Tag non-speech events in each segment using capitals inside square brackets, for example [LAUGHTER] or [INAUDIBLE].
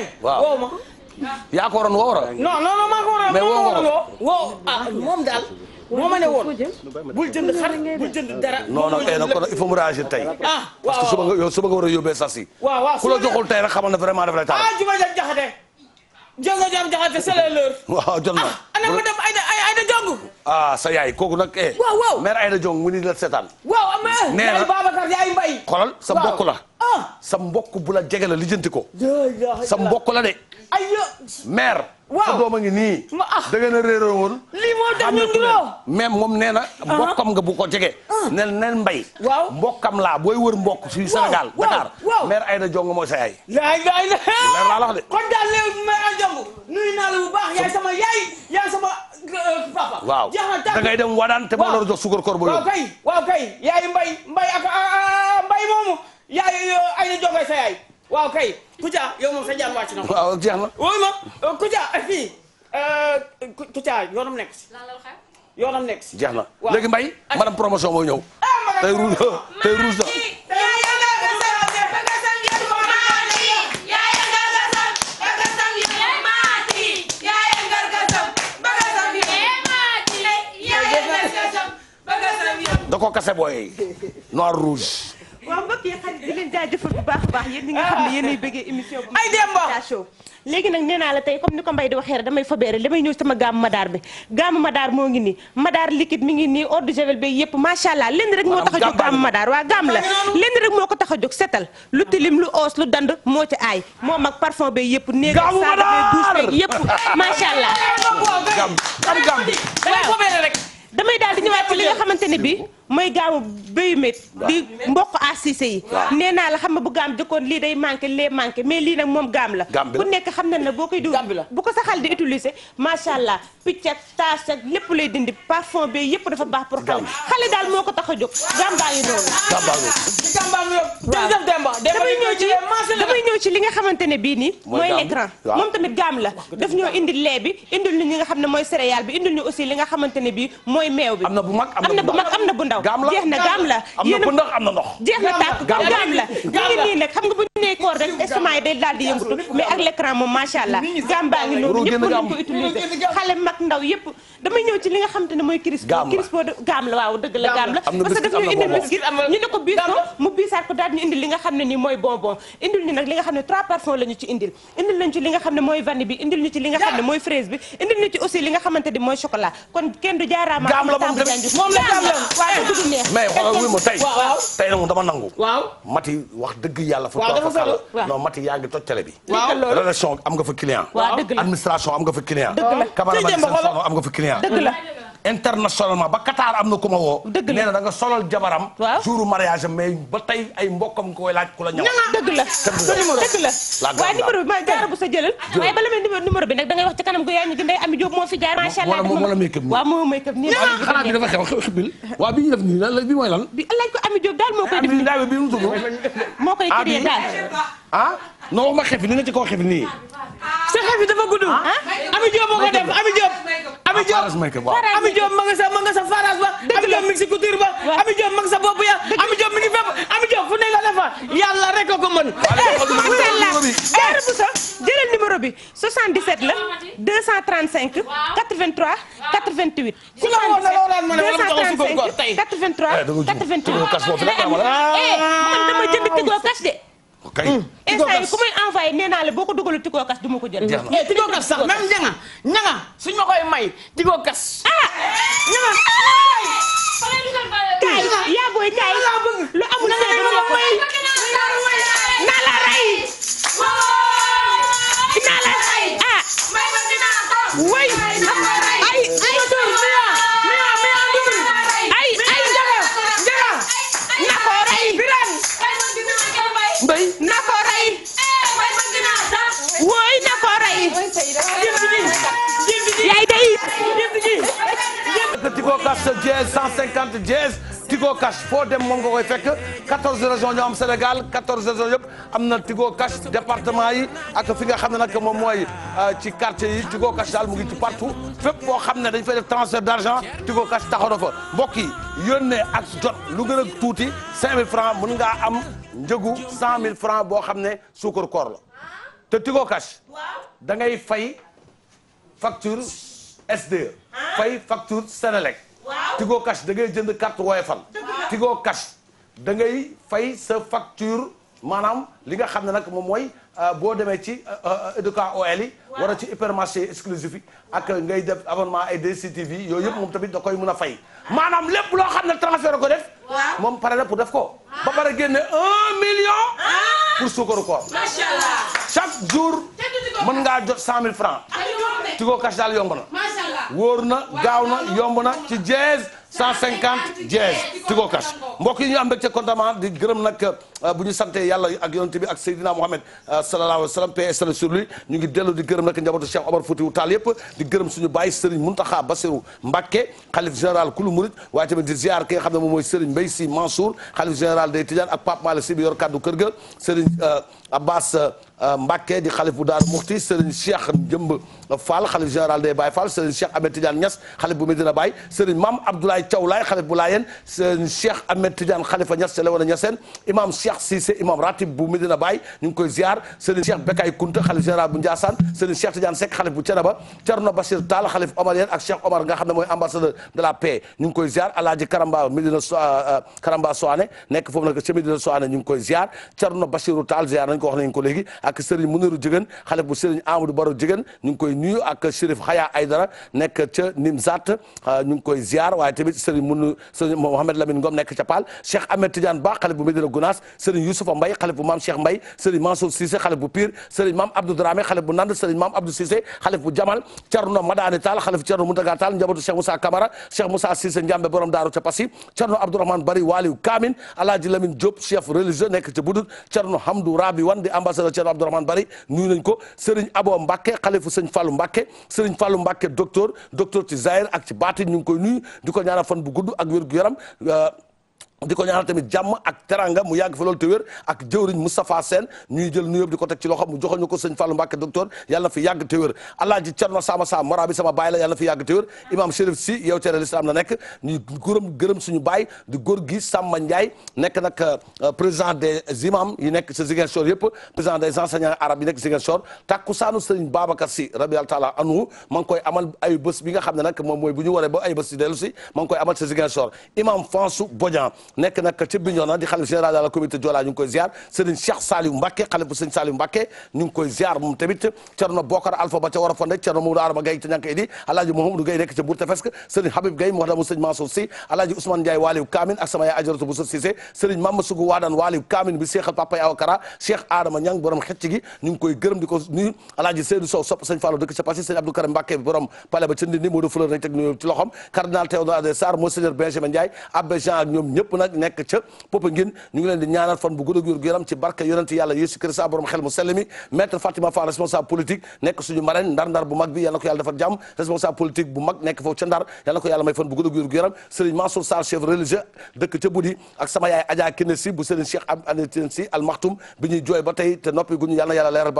Dieng. waaw woo ma. yaa ko waroon woo non non non maa ko waroon mais woo nga ko woo ah moom daal. moo ma ne woon bul jënd xar bul jënd dara. non non tey eh, nag kon il faut mu réagir tey. ah waaw parce que suba nga suba nga war a yóbbee sas yi. waaw waaw ku la joxul tey rek xamal na vraiment daf lay taal. ah Juba Diagne jaxate. Jongo Diagne jaxate c'est l'heure. waaw jot na ah ana ma dem Aïda Aïda Jong. ah sa yaay kooku nag. Eh. waaw waaw mère Aïda Jong mu ni la seetaan. waaw mais. nee na Babacar yaay mbay. xolal sa mbokk la. Ah. sa mbokk bu la jege la lijjanti ko. sa mbokk la de. aywa waaw sa doom ngi nii. Ah. da ngeen a woon. lii moo tax ñu moom nee na. Ah. mbokkam nga bu jege. nel mbay. waaw mbokkam laa booy wër mbokk. fii Sénégal Dakar. maire Aïda Diongo mooy sa yaay. yaay euh, da ngay wadaan te moo suukar koor ba yóbbu. waaw kay waaw kay mbay mbay mbay moomu. yaay ay na jokkoo sa yaay waaw kay Kouthia yow moom sa jaan wàcc na. waaw jeex na wóoy ma Kouthia fii Kouthia yoonam nekk si. yoonam nekk si. jeex na léegi Mbaye madame promotion mooy ñëw. Ah, tey ruus tey ruus na. da ko kase booy noir rouge. jaajëfal bu baax a baax yéen ñi nga xam ne yéenay bëggee émission bu ay dembo léegi nag nee la tey comme ni ko Mbaye di waxee rek damay fabeere damay ñëw sama gaamu madaar bi gaamu madaar moo ngi nii madaar liquide mi ngi nii eau de javel bi lenn rek moo tax a jóg gaamu madaar waa gaam la lenn rek moo ko tax a jóg setal lu tilim lu oos lu dand moo ci aay moom ak parfum bi yëpp néeg saadaee douche yëpp macha allah waaw damay daal di ñëwaat ci li nga xamante ne bi mooy gaamu béyu mét di mboq assise yi nee naa la xam nga bu gaam jëkkoon lii day manqué lee manqué mais lii nag moom gaam la ku nekk xam na ne boo koy diw bu ko saxal di utiliser macha allah picc ak taas ak lépp lay dindi parfum bi yëpp dafa baax pour xale moo ko tax a jóg gaam baa ngi noonu li nga xamante ne bii nii mooy l'écran moom tamit gaam la daf ñoo indil lait bi nga xam ne mooy céréale bi indil ñu aussi li xamante ne bii mooy meew bi am na bu mag am na bu ndaw gaam la jeex na gaam la am na pëndax am na ndox jeex na tàkk gaam la ñu ngi nii nag xam nga bu ñu nee koor rek estomac yi day daal di yëngatu mais ak l'écran moom macha allah gaam baa ngi noonu ñëpp nañ ko utiliser xale mag ndaw yëpp damay ñëw ci li nga xam te ne mooy crispo crispo gaam la waaw dëgg la gaam la parce que daf ñu indil biscuit ñu ne ko biis ko mu biisaat ko daal ñu indil li nga xam ne nii mooy bonbon indil ñu nag li nga xam ne trois parfums la ñu ci indil indil nañ ci li nga xam ne mooy vanille bi indil ñu ci li nga xam ne mooy fraise bi indil ñu ci aussi li nga xamante ni mooy chocolat kon kenn du jaaraama gaam la moom la gaam la eh, [LAUGHS] mais xoolal wuy ma tey tey nag dama nangu. waaw Mati wax dëgg yàlla. fa dafa fa la non Mati yaa ngi toj télé bi. waaw rédaction am nga fa client. administration am nga fa client. dëgg la am nga fa client. internationalement ba Qatar am na ku ma woo. dëgg la nee na da nga solal jabaram. waaw jouru mariage am ba tey ay mbokkam ko koy laaj ku la ñaw. dëgg la dëgg la waaye numéro bi ma jaara sa jëlal. waaye bala may nag da wax ci kanam gu yaay ñu Ndeye Amy Diop moo fi jaar. macha allah wala wala make up nii waaw moo make up nii. waaw xanaa bi dafa xew xew xebil. waaw bi ñu def nii lan la bi mooy lan. bi laaj ko Amy Diop daal moo koy def bi mu dugg. moo koy créé daal ah non waxuma xef ni nga ci koo nii Ami ah? Diop moo ko def Ami Diop. Ami Diop Ami sa ma sa faras ba. Ami Diop mi ba. Ami Diop ma sa bopp ya. Ami Diop mi ngi fépp Ami Diop fu nekk la fa yàlla rek a ko mën. Eh, jëlal numéro bi 77 eh, la 235 83 88. 77 235 83 88. man dama jënd tegoo cash de. ko kay. Mm. instant yi ku may envoyé la boo ko dugalu Tigo Cash du ma ko jël. jeex na eh, Tigo Cash koy may Tigo Cash. ah ñanga. kaay yaa booy kaay lu amul seen du la rey. naa la rey ah. way. bëy na ko rey. Eh, woy na ko rey. que Tigo Cash sa dièse 150 dièse Tigo Cash foo dem moom nga koy fekk 14 régions ñoo am Sénégal 14 régions yëpp am na Tigo Cash département yi ak fi nga xam ne nag moom mooy euh, ci quartier yi Tigo Cash daal mu ngi ci partout fépp foo xam ne dañ fay def transfert d'argent Tigo Cash taxaw na fa mbokk yi jot lu a tuuti 5000 francs mën ngaa am njëgu 100000 francs boo xam ne suukar koor la te Tigo Cash da fay facture SDE. fay facture Sénélec. waaw Tigo Cash da ngay jënd carte Woyofal. Tigo Cash da ngay fay sa facture maanaam li nga xam ne nag moom mooy euh, boo demee ci euh, euh, Educa OL yi. wara ci hypermarché exclusif yi ak ngay def abonnement ay DCTV yooyu yëpp moom tamit da koy mën a fay. maanaam lépp loo xam ne transfert ko def. moom pare na pur def ko. ba pare génne un million. Ah. pour suukaru koor. chaque jour. mën ngaa jot cent mille francs. Tigo Cash daal yomb wóor na gaaw na yomb na ci jeez 150 jeez Tigo Cash mbokk yi ñu am mbégte contentement di gërëm nag euh, bu ñu sante yàlla ak yonent bi ak Seydina Mohamed euh, sallallahu alayhi wa sallam paix sur ñu ngi dellu di gërëm nag njabootu Cheikh Omar Foutiyou taal yëpp di gërëm suñu bàyyi Serigne Mountakha Bassirou Mbacké xalif général kulu murid waaye tamit di ziar ki nga xam ne moom mooy Serigne Mbaye Sy Mansour xalif général des Tidianes ak Pape Malick Sy bi yor kaddu kër ga Serigne euh, Abbas Euh, Mbacke di xalif bu Daaru Muxti Serigne Cheikh Jëmb Fall xalif général des Baye Fall Serigne Cheikh Ahmed Tidiane Niass xalif bu Medina Baye Serigne Mame Abdoulaye Thiaw Laye xalif bu Laayeen Serigne Cheikh Ahmed Tidiane xalifa Niass ca Léona Niassène imam Cheikh Cissé imam ratib bu Medina Baye ñu ngi koy ziar Serigne Cheikh Bekay Kunta xalif général bu Ndiassane Serigne Cheikh Tidiane Seck xalif bu Thiénaba Thierno Bachir Tall xalif omarien ak Cheikh Omar nga xam ne mooy ambassadeur de ngi koy ziar Alaaji Karamba Medina euh, euh, nekk foofu nag ca ngi koy ziar Thierno Bachirou Tall ziar nañ ko wax nañ ak Serigne Mounirou Diegane xalif bu Serigne Amadou Baro Diegane ñu ngi koy nuyu ak Chérif Haya Aydara nekk ca Nimzat euh, ñu ngi koy ziar waaye tamit Serigne Mounu Serigne Mohamed Lamine Ngom nekk ca Paal Cheikh Ahmed Tidiane Ba xalif bu Medina Gounass Serigne Youssoufa Mbaye xalif bu Mame Cheikh Mbaye Serigne Mansour Cissé xalif bu Pire Serigne Mame Abdou Dramé xalif bu Nand Serigne Mame Abdou Cissé xalif bu Jamal Thierno Madani Tall xalif Thierno Mountaga Tall njabootu Cheikh Moussa Camara Cheikh Moussa Cissé Ndiambe borom Daaru Abdourahmane Bari nuyu nañ ko Serigne Abo Mbacke xalifu sëñ Fallou Mbacke Serigne Fallou Mbacke docteur docteur ci Zahir ak ci baatin ñu ngi koy nuyu di ko ñaanal fan bu gudd ak wér gu yaram euh, di ko ñaanal tamit jàmm ak teranga mu yàgg fa loolu te wér ak jëwriñ Moustapha Sène ñuy jël nuyoo di ko teg ci loxo mu joxal ko sëñ Fallou Mbacke docteur yàlla na fi yàgg te wér alaaji Cerno Sama Sama mara bi sama baay la yàlla na fi yàgg te wér imam Chérif si yow cere l'islam la nekk ñuy gërëm gërëm suñu baay di góor gi Samba Ndiaye nekk nag euh, président des imams yi nekk sa Ziguinchor yëpp président des enseignants arabes yi nekk Ziguinchor takkusaanu sëñ Babacar si rabi yàlla taala anhu ngi koy amal ay bés bi nga xam ne nag moom mooy bu ñu waree ba ay bés dellu si ma ngi koy amal sa Ziguinchor imam Fansou nekk nag ca Bignona di xalif général de la communauté Joola ñu ngi koy ziar Serigne Cheikh Saliou Mbacké xalif bu Serigne Saliou Mbacké ñu ngi koy ziar moom tamit Cerno Bokar Alpha ba ca war a fa nekk Cerno Mamadou Arama Gaye ca ñànk idi alaaji Mouhamadou Gaye nekk ca Bourtefesque Serigne Habib Gaye moo dama Serigne Mansour Sy alaaji Ousmane Ndiaye ajaratu bu sa Cissé Serigne Sugu Waadaan Waliou Kamine bi seexal papa Awa Kara Cheikh Adama Niang borom xecc gi ñu ngi koy Karim Mbacké nag nekk ca Popenguine ñu ngi di ñaanal fan bu gudd ak ci barke yonent yàlla Yeesu Kirist borom xel mu sell Fatima Fall responsable politique nekk suñu marraine ndar ndar bu mag bi yal ko yàlla defal jàmm responsable politique bu mag nekk foofu ca ndar yal ko yàlla may fan bu gudd ak wér gu yaram chef religieux dëkk ca Budi ak sama yaay Adja Kinesi bu Serigne Cheikh Anatine Si Al Maktoum bi ñuy jooy ba tey te noppi guñu yal na yàlla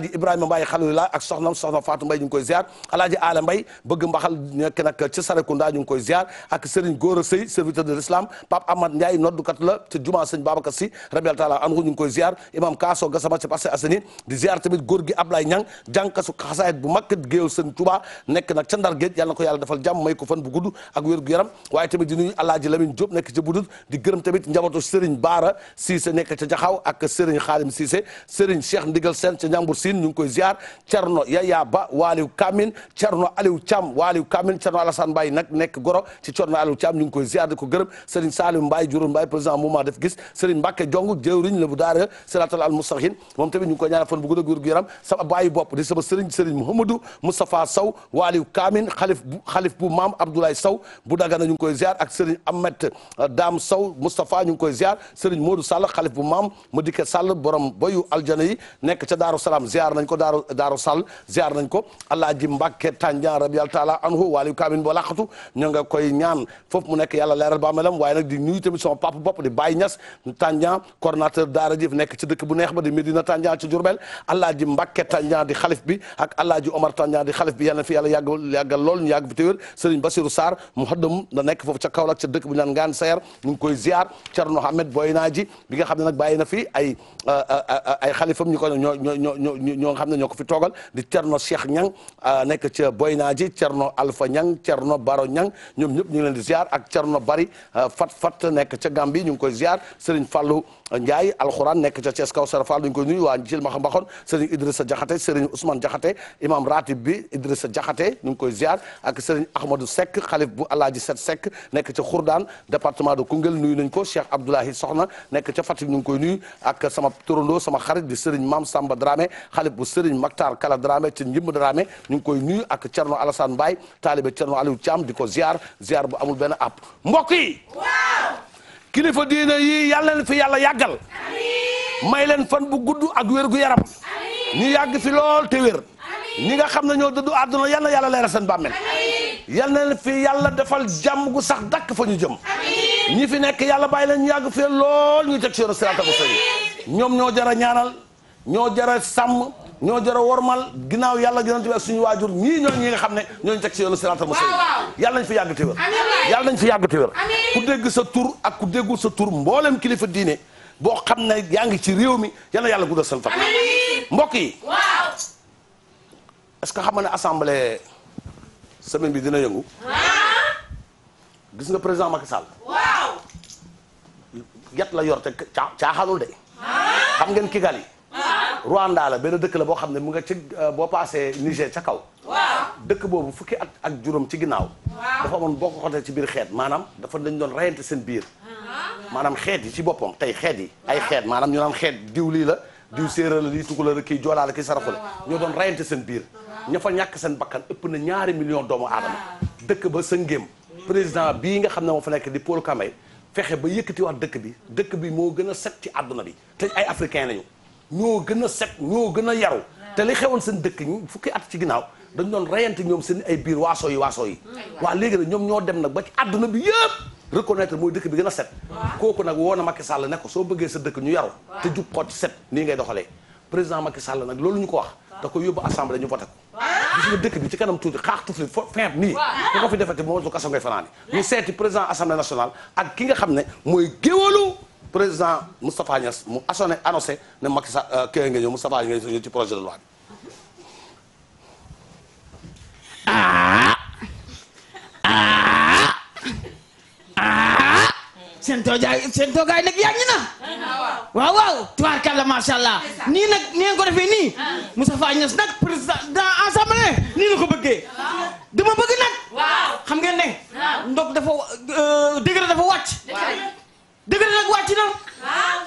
alaaji ibrahima mbaye xalilullah ak soxnam soxna fatou mbay ñu ngi koy ziar alaaji aala mbay bëgg mbaxal nekk nag ca sarekunda ñu ngi koy ziar ak sëriñ góora sëy serviteur de l'islam pape ahmad ndiaye noddukat la ca juma sëñ babacar bu mag géew sëñ touba nekk nag ca ndar géej na ko yàlla defal jàmm may ko fan bu gudd ak wér gu yaram waaye tamit di nuyu alaaji lamin jóob nekk ca budut di gërëm tamit njabootu sëriñ baara siise nekk ca jaxaw ak sëriñ xaalim siise sëriñ cheikh ndigal seen ca njàmbur si Sine ñu ngi koy ziar Thierno Yaya Ba Waaliw Kamil Thierno Aliou Thiam Waaliw Kamil Thierno Alassane Mbaye nag nekk goro ci Thierno Aliou Thiam ñu ngi koy ziar di ko gërëm Serigne Salim Mbaye juróom Mbaye président mouvement def gis Serigne Mbacke Diongu jëwriñ la bu daara siratal al mustahin moom tamit ñu ngi koy ñaanal fan bu gudd ak wér gu yaram sama baayu bopp di sama Serigne Serigne Mouhamadou Moustapha Sow Waaliw Kamil xalif xalif bu maam Abdoulaye Sow bu ñu ngi koy ziar ak Serigne Ahmed euh, Dame bu maam Madické Sall borom bayu aljana yi nekk ca Daaru Salaam ziar nañ ko daaru daaru sall ziar nañ ko alaaji mbàkke tànjan rabial taala anhu waaliyu kaamin ba laqatu koy ñaan foofu mu nekk yàlla leeral bàmmeelam waaye nag di nuyu tamit sama papa bopp di Baye Niass tànjan coordonnateur daara jëf nekk ci dëkk bu neex ba di Medina tànjan ci Jurbel alaaji mbàkke tànjan di xalif bi ak alaaji omar tànjan di xalif bi yàlla fi yàlla yàgg yàggal lool ñu yàgg fi téwér sëriñ basiru sarr muhaddam da nekk foofu ca Kaolack ca dëkk bu ñu naan na fi ay euh, euh, euh, ay xalifam ñu ñoo xam ne ñoo ko fi toogal di Thierno Cheikh Niang euh, nekk ca no Thierno ñan cer no Baro Niang ñoom ñëpp ñu ngi leen di ziar ak cer Thierno Bari euh, Fat Fat nekk ca Gambie ñu ngi koy ziar Serigne Fallou Ndiaye alxuraan nekk ca Thiès Kawsara Fall dañ koy nuyu waa Thiel ma xam baxoon Serigne Idrissa Diakhaté Serigne Ousmane Diakhaté imam ratib bi Idrissa Diakhaté ñu ngi koy ziar ak Serigne Ahmadou Seck xalif bu Alaaji Set sek nekk ca Khourdan département de Koungheul nuyu nañ ko Cheikh Abdoulahi Soxna nekk ca Fatick ñu ngi koy nuy ak sama torondoo sama xarit di Serigne maam Samba Dramé xalif bu Serigne Maktar Kala Dramé ci Njimb Dramé ñu ngi koy nuyu ak Thierno Alassane Mbaye taalibe Thierno Aliou Thiam di ko ziar ziar bu amul benn app mbokk kilifa diina yi yàlla leen fi yàlla yàggal may leen fan bu gudd ak wér gu yaram ñu yàgg fi lool te wér ñi nga xam ne ñoo dëddu àdduna yal yàlla leeral seen bàmmeel yal na leen fi yàlla defal jàmm gu sax dakk fa ñu jëm ñi fi nekk yàlla bàyyi leen ñu yàgg fi lool ñu teg si yoonu siraatal mustaqiim ñoom ñoo jara ñaanal ñoo jara sàmm ñoo jar a wormal ginnaaw yàlla yonent bi ak suñu waajur ñii ñooñu ñi nga xam ne ñooñu teg ci yoonu siraatal mustaqiim yàlla nañ fi yàgg te yàlla nañ fi yàgg te wér ku dégg sa tur ak ku déggul sa tur mboolem kilifa diine boo xam ne yaa ngi ci réew mi yal yàlla guddal seen fan mbokk yi est-ce que xam nga ne assemblée semaine bi dina yëngu ah. gis nga président Macky Sall yat la yorte te caaxaanul de ah. xam ngeen Kigali Rwanda la benn dëkk la boo xam ne mu nga ci euh, boo paasee Niger ca kaw. dëkk boobu fukki at ak juróom ci ginnaaw. dafa moom boo ko xotee ci biir xeet maanaam dafa dañ doon rayante seen biir. Uh-huh. maanaam xeet yi ci boppam tey xeet yi. ay xeet maanaam ñu naan xeet diw lii la. diw séeréer la lii tukulóor la kii joolaa la kii saraxu la ñoo doon rayante seen biir. ña fa ñàkk seen bakkan ëpp na ñaari million doomu aadama. dëkk ba sëngéem. président bii nga xam ne moo fa nekk di Paul Kagame fexe ba yëkkati yëkkatiwaat dëkk bi dëkk bi moo gën a set ci àdduna bi te ay africain lañu ñoo gën a set ñoo gën a yaru te li xewoon seen dëkk ñi fukki at ci ginnaaw dañ doon reyante ñoom seen ay biir waaso yi waaso yi hmm. waa léegi nag ñoom ñoo dem nag ba ci àdduna bi yëpp reconnaître mooy dëkk bi gën a set hmm. kooku nag woo na Macky Sall ne ko soo bëggee sa dëkk ñu yaru te hmm. jub set nii ngay doxalee président Macky Sall nag loolu ñu ko wax da ko yóbbu assemblée ñu voté ko gis nga dëkk bi ci kanam tuuti xaax tufli fo fin nii ku ko fi defete moom su kaso ngay fanaani ñu seeti président assemblée nationale ak ki nga xam ne mooy géwalu président Moustapha Niass mu assoné annoncé ne Macky Sall euh, kii nga ñëw Moustapha Niass ngeen ko defee nii. Moustapha Niass nag président assemblée nii la ko bëggee. dama bëgg nag. xam ngeen ne. ndog dafa euh, dëgër dafa wàcc. dëgg la nag wàcc na. waaw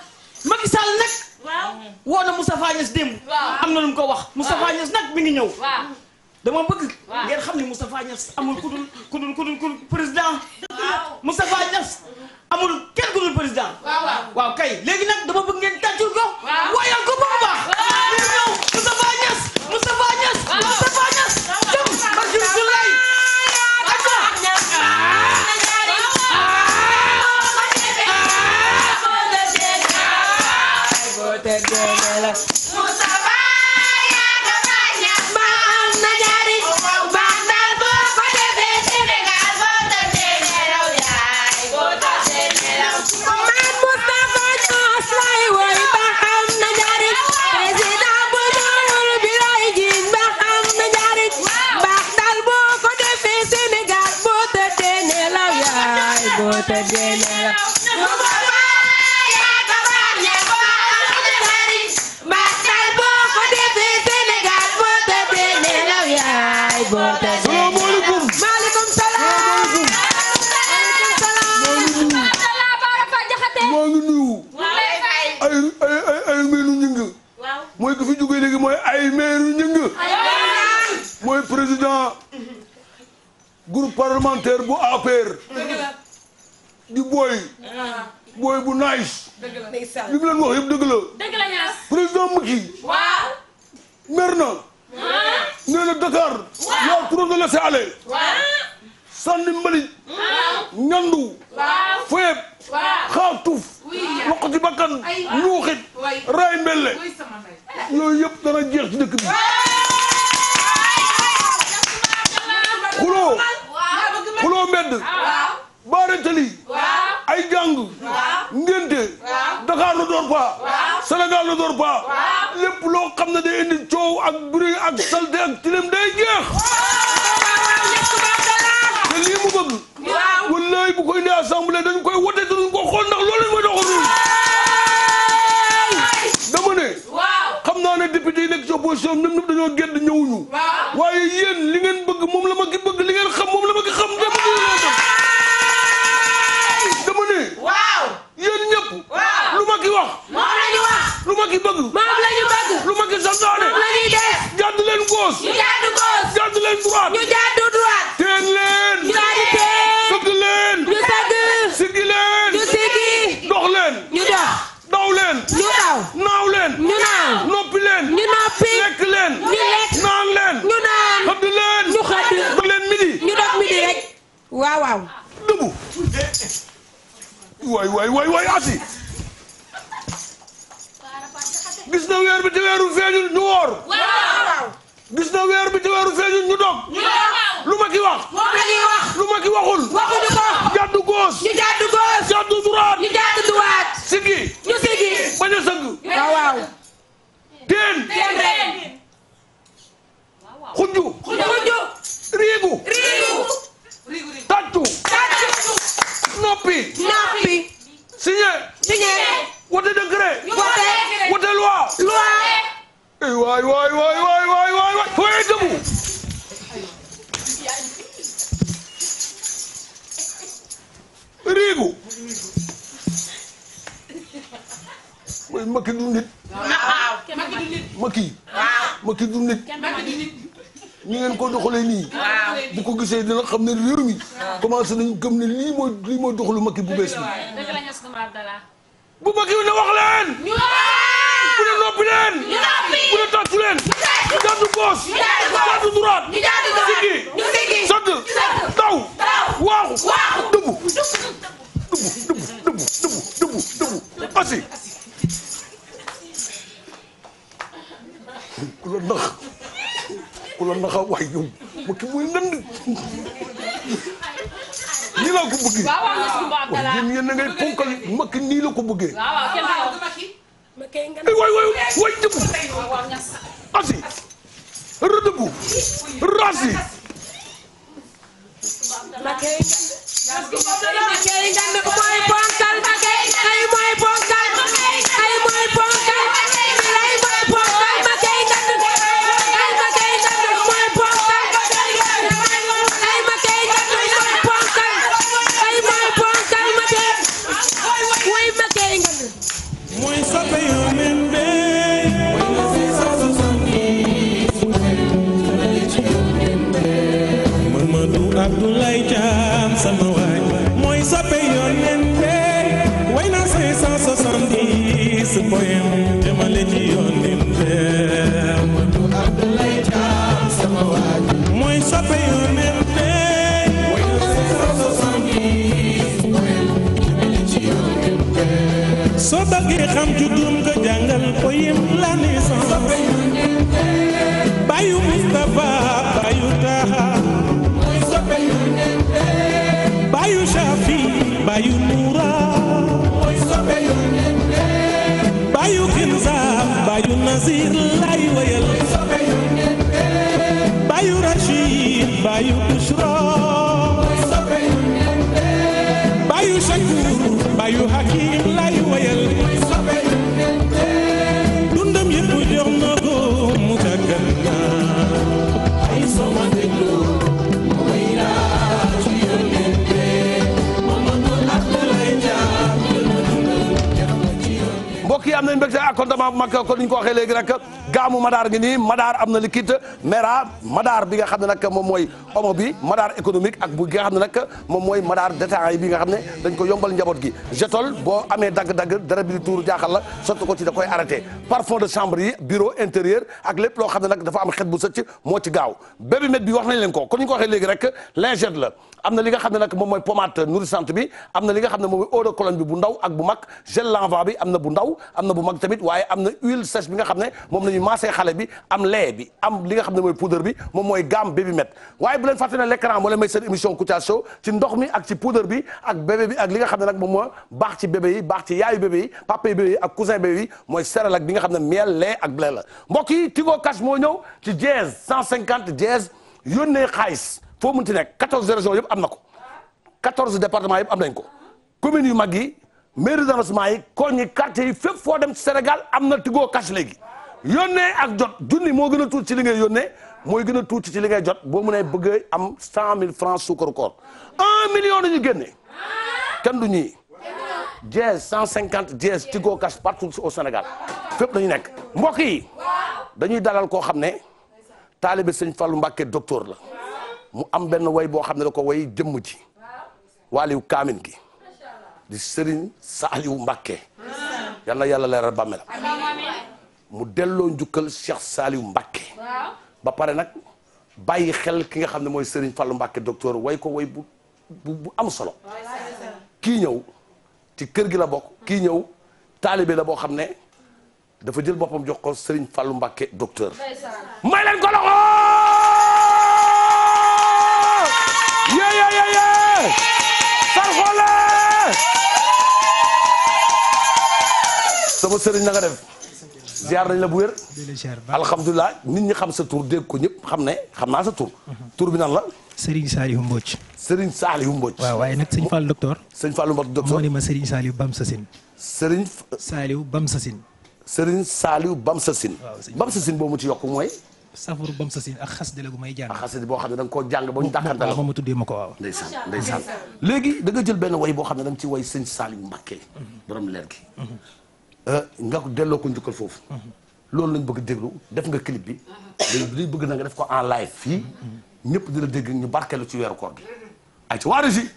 Macky Sall nag. waaw woo na Moustapha Niass démb. am na lu mu ko wax. waaw Moustapha Niass nag mi ngi ñëw. waaw dama bëgg. ngeen xam ne Moustapha Niass amul ku dul ku dul ku dul président. waaw Moustapha Niass amul kenn ku dul président. waaw waaw kay léegi nag dama bëgg ngeen tàccul ko. waaw wayal ko ba mu baax. waaw Moustapha Niass Moustapha general. mooy ku fi jógee léegi mooy ay maire ñëng mooy président groupe parlementaire bu APR di booy. Ah. booy bu nice. dëgg la li mu leen wax yëpp dëgg la. mer na. Ah. nee na Dakar. waaw yaa trop de laisser aller. waaw. ñandu. waaw xaatuf. waqati bakkan. ñuuxit. raay mbelle. yooyu yëpp dana jeex ci dëkk bi. xuloo. xuloo mbedd. baaratali ay jàng ngénte Dakar ne dort pas Sénégal ne dort pas lépp loo xam ne day indi coow ak bruit ak saleté ak tilim day jeex te lii mu bëgg wallaay bu koy indee assemblée dañ koy wote te duñ ko xool ndax loolu lañ koy doxal dama ne xam naa ne député yi nekk ci opposition ñoom ñëpp dañoo gedd ñëwuñu waaye yéen li ngeen bëgg moom la ma ki bëgg li ngeen xam moom la ma ki xam lu ma ki wax. moom la ñu wax. lu ma ki bëgg. moom la ñu bëgg. lu ma ki santaane. moom la ñuy def. jàdd leen gauche. ñu jàdd gauche. jàdd leen droite. ñu jàdd droite. teen leen. ñu daal teen. sëgg leen. ñu sëgg. siggi leen. ñu siggi. dox leen. ñu dox. daw leen. ñu daw. naaw leen. ñu naaw. noppi leen. ñu noppi. lekk leen. ñu lekk. naan leen. ñu naan. xëdd leen. ñu xëdd. dog leen midi. ñu dog midi rek. waaw waaw. dëgg. waay waay waay waay asi bi te weer bi te weeru lu ma ki wax lu ma ki waxul waxuñu ko jàddu góos ñu jàddu góos jàddu droit ñu jàddu droit sigi ñu sigi xunju xunju riigu riigu tàccu tàccu noppi. noppi. signé. signé. wote décret. wote. wote loi. loi. Eh, waay waay waay waay waay waay waay fooy debout. riigu. mooy makki du nit. waaw makki du nit. makki. waaw makki du nit. ni ngeen ko doxalee nii. bu ko gisee dina xam ne réew mi. commencé nañu gëm ne lii mooy lii mooy bu bees bi. bu Macky ne wax leen. ñu bu ne bu ne tàccu leen. ñu jàddu gauche. taw. taw waaxu waaxu dëbbu. dëbbu dëbbu dëbbu ku ma ki muy nënd nii laa ko bëggee ma ki nii ko bëggee ay waay waay waay jëpp asi rëdëbu raasi makay makay ngande ko mooy ponkal bayu Mustafa bayu Taha mooy soppe yonent bayu Shafi bayu Nura mooy soppe yonent bayu Kinza bayu Nazir lay wayal bayu Rashid bayu Bushra mbokk yi am nañu mbégte ak contentement bu mag kon ni ñu ko waxee léegi nag gaamu madaar ngi nii madaar am na li kiit mera madaar bi nga xam ne nag moom mooy omo bi madaar économique ak bu gi nga xam ne nag moom mooy madaar détail bi nga xam ne dañ ko yombal njaboot gi jetol boo amee dagg-dagg dara bi di tuur jaaxal la ko ci da koy par parfum de chambre yi bureau intérieur ak lépp loo xam ne nag dafa am xet bu sëcc moo ci gaaw bébé met bi wax nañ leen ko kon ñu ko waxee léegi rek lingette la am na li nga xam ne nag moom mooy pommade nourrissante bi am na li nga xam ne moom mooy eau de cologne bi bu ndaw ak bu mag gel l'enfant bi am na bu ndaw am na bu mag tamit waaye am na huile sèche bi nga xam ne moom la ñuy maasee xale bi am lait bi am li nga xam ne mooy poudre bi moom mooy gamme baby met waaye bu leen fàtte ne l'écran moo leen may seen émission Kouthia Show ci ndox mi ak ci poudre bi ak bébé bi ak li nga xam ne nag moom moo baax ci bébé yi baax ci yaayu bébé yi papa mooy céréal ak bi nga xam ne miel lait ak blé la mbokk yi Tigo Cash moo ñëw ci dièse 150 dièse yónnee xaalis foo mënti nekk quatorze régions yëpp am na ko quatorze département yëpp am nañ ko communes yu mag yi mairie d'arrondissement yi koñ yi quartier yi fépp foo dem ci Sénégal am na Tigo Cash léegi yónnee ak jot junni moo gën a tuuti ci li ngay yónnee mooy gën a tuuti ci li ngay jot boo mënee bëgg am cent mille francs suukaru koor un million la ñu génne kenn du ñii dièse cent cinquante dièse Tigo Cash partout au Sénégal fépp lañu nekk mbokk yi dañuy dalal koo xam ne taalibe sëñ Fallou Mbacke docteur la mu am benn way boo xam ne da ko way jëmm ji waaliw kaamin gi di sëriñ saaliw mbàkke yal na yàlla leeral la mu delloo njukkal cheikh saaliw mbàkke ba pare nag bàyyi xel ki nga xam ne mooy sëriñ fallu mbàkke docteur way ko way bu am solo kii ñëw ci kër gi la bokk kii ñëw taalibe la boo xam ne dafa jël boppam jox ko sëriñ fallu mbàkke docteur may leen ko sama sëriñ na nga def ziar nañ la bu wér alhamdulilah nit ñi xam sa tur dégg ko ñëpp xam ne xam naa sa tur tur bi nan la Serigne Saliou Mbodj Serigne Saliou Mbodj waaw waaye nag sëñ Fall docteur sëñ Fallu Mbodj docteur moo ni ma Serigne Saliou Bamsa Sine Serigne Saliou Bamsa Sine Serigne Saliou Bamsa Sine Bamsa Sine boo mu ci yokk mooy safur Bamsa Sine ak xasida la gu may jàng ak xasida boo xam ne da nga koo jàng ba ñu dàkkante la ma tuddee ma ko waaw ndeysaan ndeysaan léegi da nga jël benn way boo xam ne da nga ci way sëñ Saliou Mbacké mm-hmm. borom leer gi mm-hmm. Euh, nga ko ko njukkal foofu. loolu lañ bëgg déglu def nga clip bi. li bëgg na nga def ko en live fii. ñëpp di la dégg ñu barkeelu ci weeru koor gi. ayca waa Régie.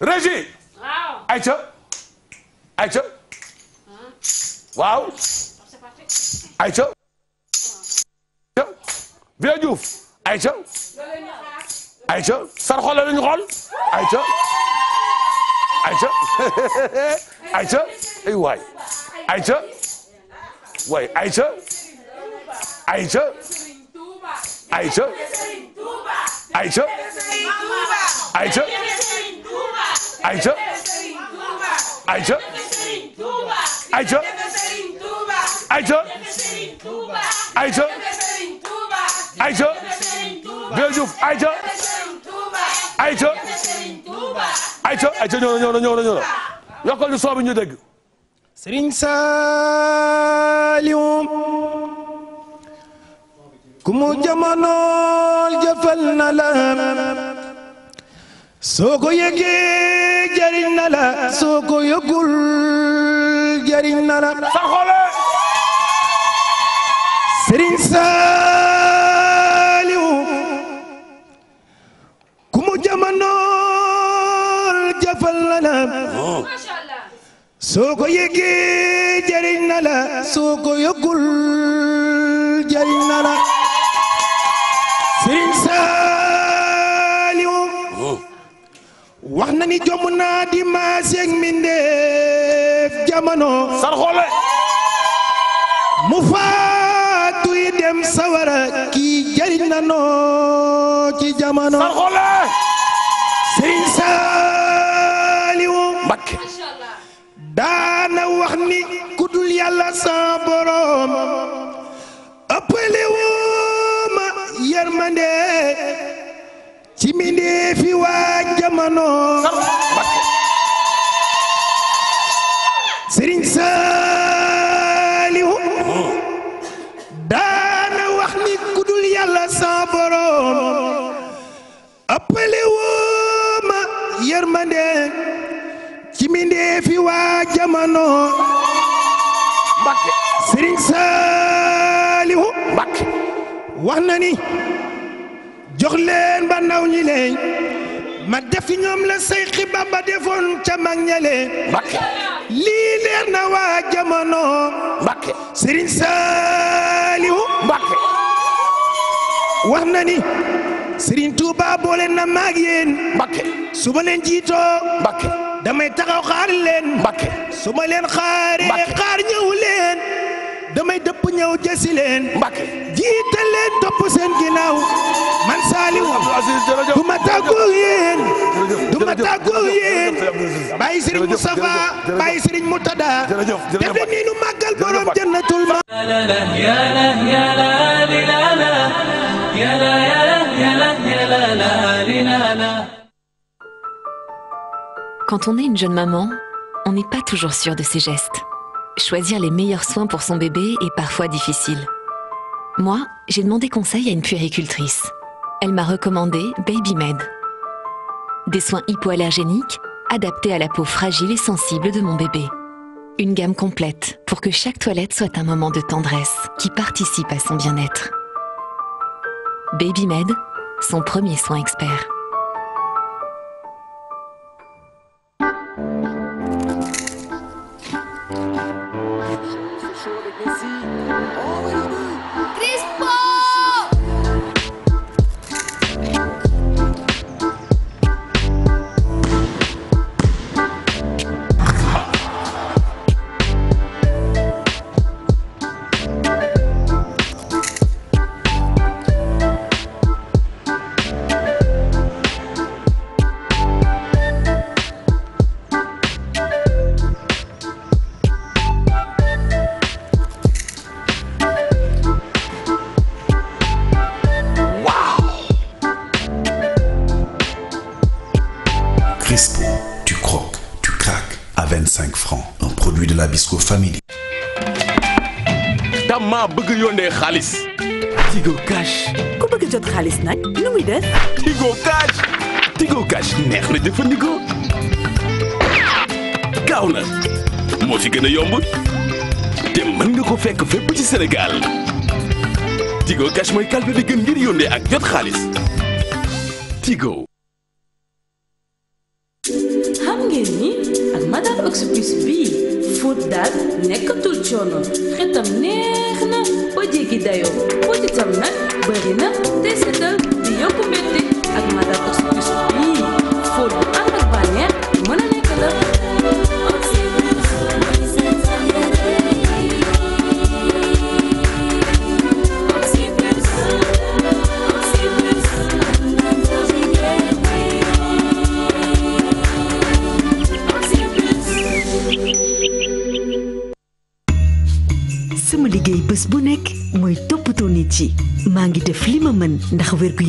Régie. waaw ayca. ayca. waaw. ayca. Vieux Diouf. sar xoole la ñu xool. ayca. ayca. [LAUGHS] ay waay. ayca way ayca ayca ayca ayca ayca ayca ayca ayca ayca ayca ayca jërëjëf ayca ayca ayca ayca ñëw na ñëw na ñëw na yokkal ñu soobi ñu dégg sëriñ Saaliw ku mu jamonool jëfal na la soo ko yëgee jariñ na la soo ko yëgul jariñ na la sëriñ Saaliw soo ko yëgee jariñ soo ko yëgul jariñ na la Sëriñ Saaliw hmm. naa di maaseeg mbindeef jamono mu faatu yi dem sawara kii jariñ na noo ci jamono daana wax ni yàlla sa boroom ëppale ci mindee fi waa jamono sëriñ daana wax ni yàlla sa boroom ëppale mbindee fi waa jamono Mbakke Sëriñ Saalihu Mbakke wax na ni jox leen ba ndaw ñi leen ma def ñoom la say xibaar ba defoon ca mag ña leen lii leer na waa jamono Mbakke Sëriñ Saalihu Mbakke wax na ni Sëriñ Tuuba boole na maag yéen Mbakke su leen jiitoo Mbakke damay taxaw xaar leen. Mbàkke su ma leen xaaree. xaar ñëw leen. damay dëpp ñëw jësi leen. Mbàkke jiital leen topp seen ginnaaw man Saliou. jërëjëf du ma tàggu yéen. du ma tàggu yéen. bàyyi Serigne Moustapha bàyyi Serigne Moutada. nu màggal borom jannatul ma. yàlla Quand on est une jeune maman, on n'est pas toujours sûr de ses gestes. Choisir les meilleurs soins pour son bébé est parfois difficile. Moi, j'ai demandé conseil à une puéricultrice. Elle m'a recommandé BabyMed. Des soins hypoallergéniques adaptés à la peau fragile et sensible de mon bébé. Une gamme complète pour que chaque toilette soit un moment de tendresse qui participe à son bien-être. BabyMed, son premier soin expert. Nabisco Family. dama bëgg xaalis. Tigo ku bëgg jot xaalis nag nu muy def. Tigo Cash. Tigo Cash neex na jëfandikoo. moo fi gën a yomb te mën nga ko fekk fépp ci Sénégal Tigo Cash mooy kalpe bi gën ngir yónnee ak jot xaalis Tigo.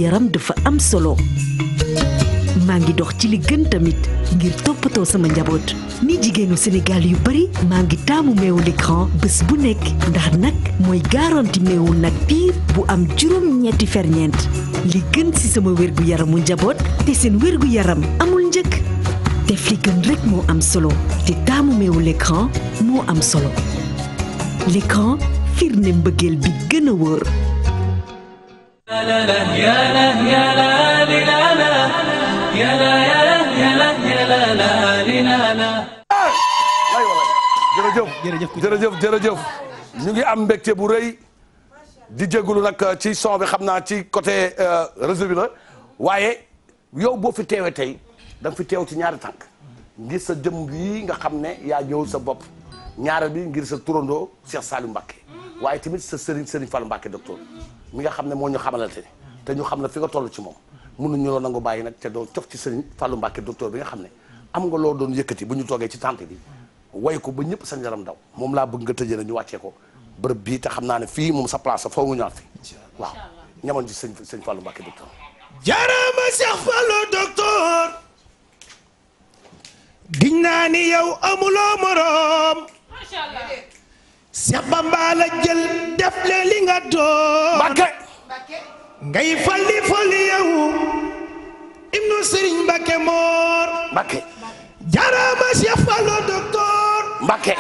yaram dafa am solo maa ngi dox ci li gën tamit ngir toppatoo sama njaboot ni jigéenu Sénégal yu bari maa ngi taamu meewu l'écran bés bu nekk ndax nag mooy garanti meewu nag piir bu am juróom-ñetti ferñeent li gën ci sama wérgu yaramu njaboot te seen wérgu yaram amul njëkk def li gën rek moo am solo te taamu meewu l'écran moo am solo l'écran firnde mbëggeel bi gën a wóor لا لا يا لا يا لا لا لا يا لا يا لا يا لا يا لا لا لا lay walay jërëjëf jërëjëf jërëjëf ñu ngi am mbégte bu rëy di jégalu nag ci son bi xam naa ci côté euh, réseau bi la waaye yow boo fi teewee tey da nga fi teew ci ñaari tànk ngir sa jëm yi nga xam ne yaa ñëw sa bopp ñaara bi ngir sa turandoo Cheikh Saliou Mbacké waaye tamit sa Serigne Serigne Fallou Mbacké docteur mi nga xam ne moo ñu xamalante ni te ñu xam ne fi nga toll ci moom mënuñu loo nangu bàyyi nag te doo cof ci sëriñ Fallou Mbacke docteur bi nga xam ne am nga loo doon yëkkati bu ñu toogee ci tànt bi way ko ba ñëpp sa yaram ndaw moom laa bëgg nga tëjee na ñu wàccee ko bërëb bii te xam naa ne fii moom sa place foo nga ñëwaat fi waaw ñamoon ci sëñ sëñ Fallou Mbacke docteur a Cheikh Fallou docteur giñ naa ni yow amuloo moroom Seex Bamba la jël def leen li nga doon Mbakke ngay fali fali yow ibnu Sëriñ Mbakke Moor Mbakke jaaraama Seex Fallu docteur Mbakke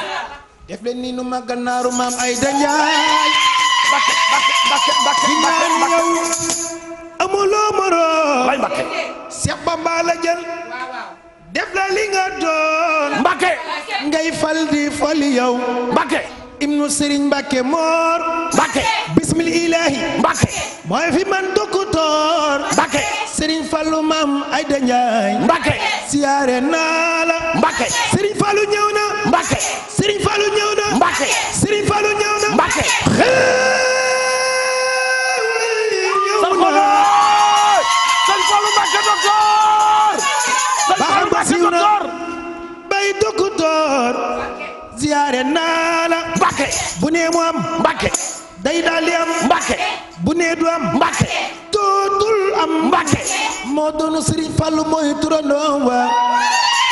def leen ni nu ma maam ay danjaay Mbakke Mbakke Mbakke Mbakke amuloo moroom bay Mbakke Seex Bamba jël def leen li nga doon Mbakke ngay fal di fali yow ibnu Serigne Mbacke Mor. Mbacke bismil ilaahi. Mbacke mooy fi man doktoor. Mbacke Serigne Fallou maam Ayda Ndiaye. Mbacke siyaare naa la. Mbacke Serigne Fallou ñëw na. Mbacke Serigne Fallou ñëw na. Mbacke Serigne Fallou ñëw na. Mbacke ñëw na. Serigne Fallou Mbacke doktoor. Serigne Fallou Mbacke doktoor. bay doktoor. siyaare naa. mbàkke bu nee mu am mbàkke day daal am mbàkke bu du am mbàkke dootul am mbàkke moo doonu sëriñ Fallu mooy turandoom wa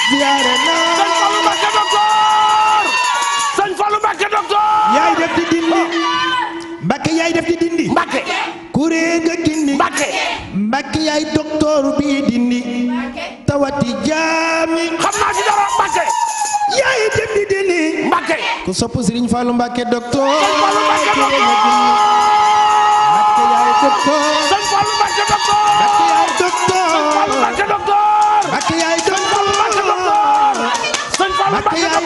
ziyaare naa sëñ Fallu Mbàkke docteur sëñ Fallu Mbàkke docteur yaay def dindi oh. mbàkke yaay def dindi mbàkke yaay docteur bii dindi tawati jaami ku sopp Sëriñ Fallu Mbàkke docteur Mbàkke yaay docteur Mbàkke yaay Mbàkke yaay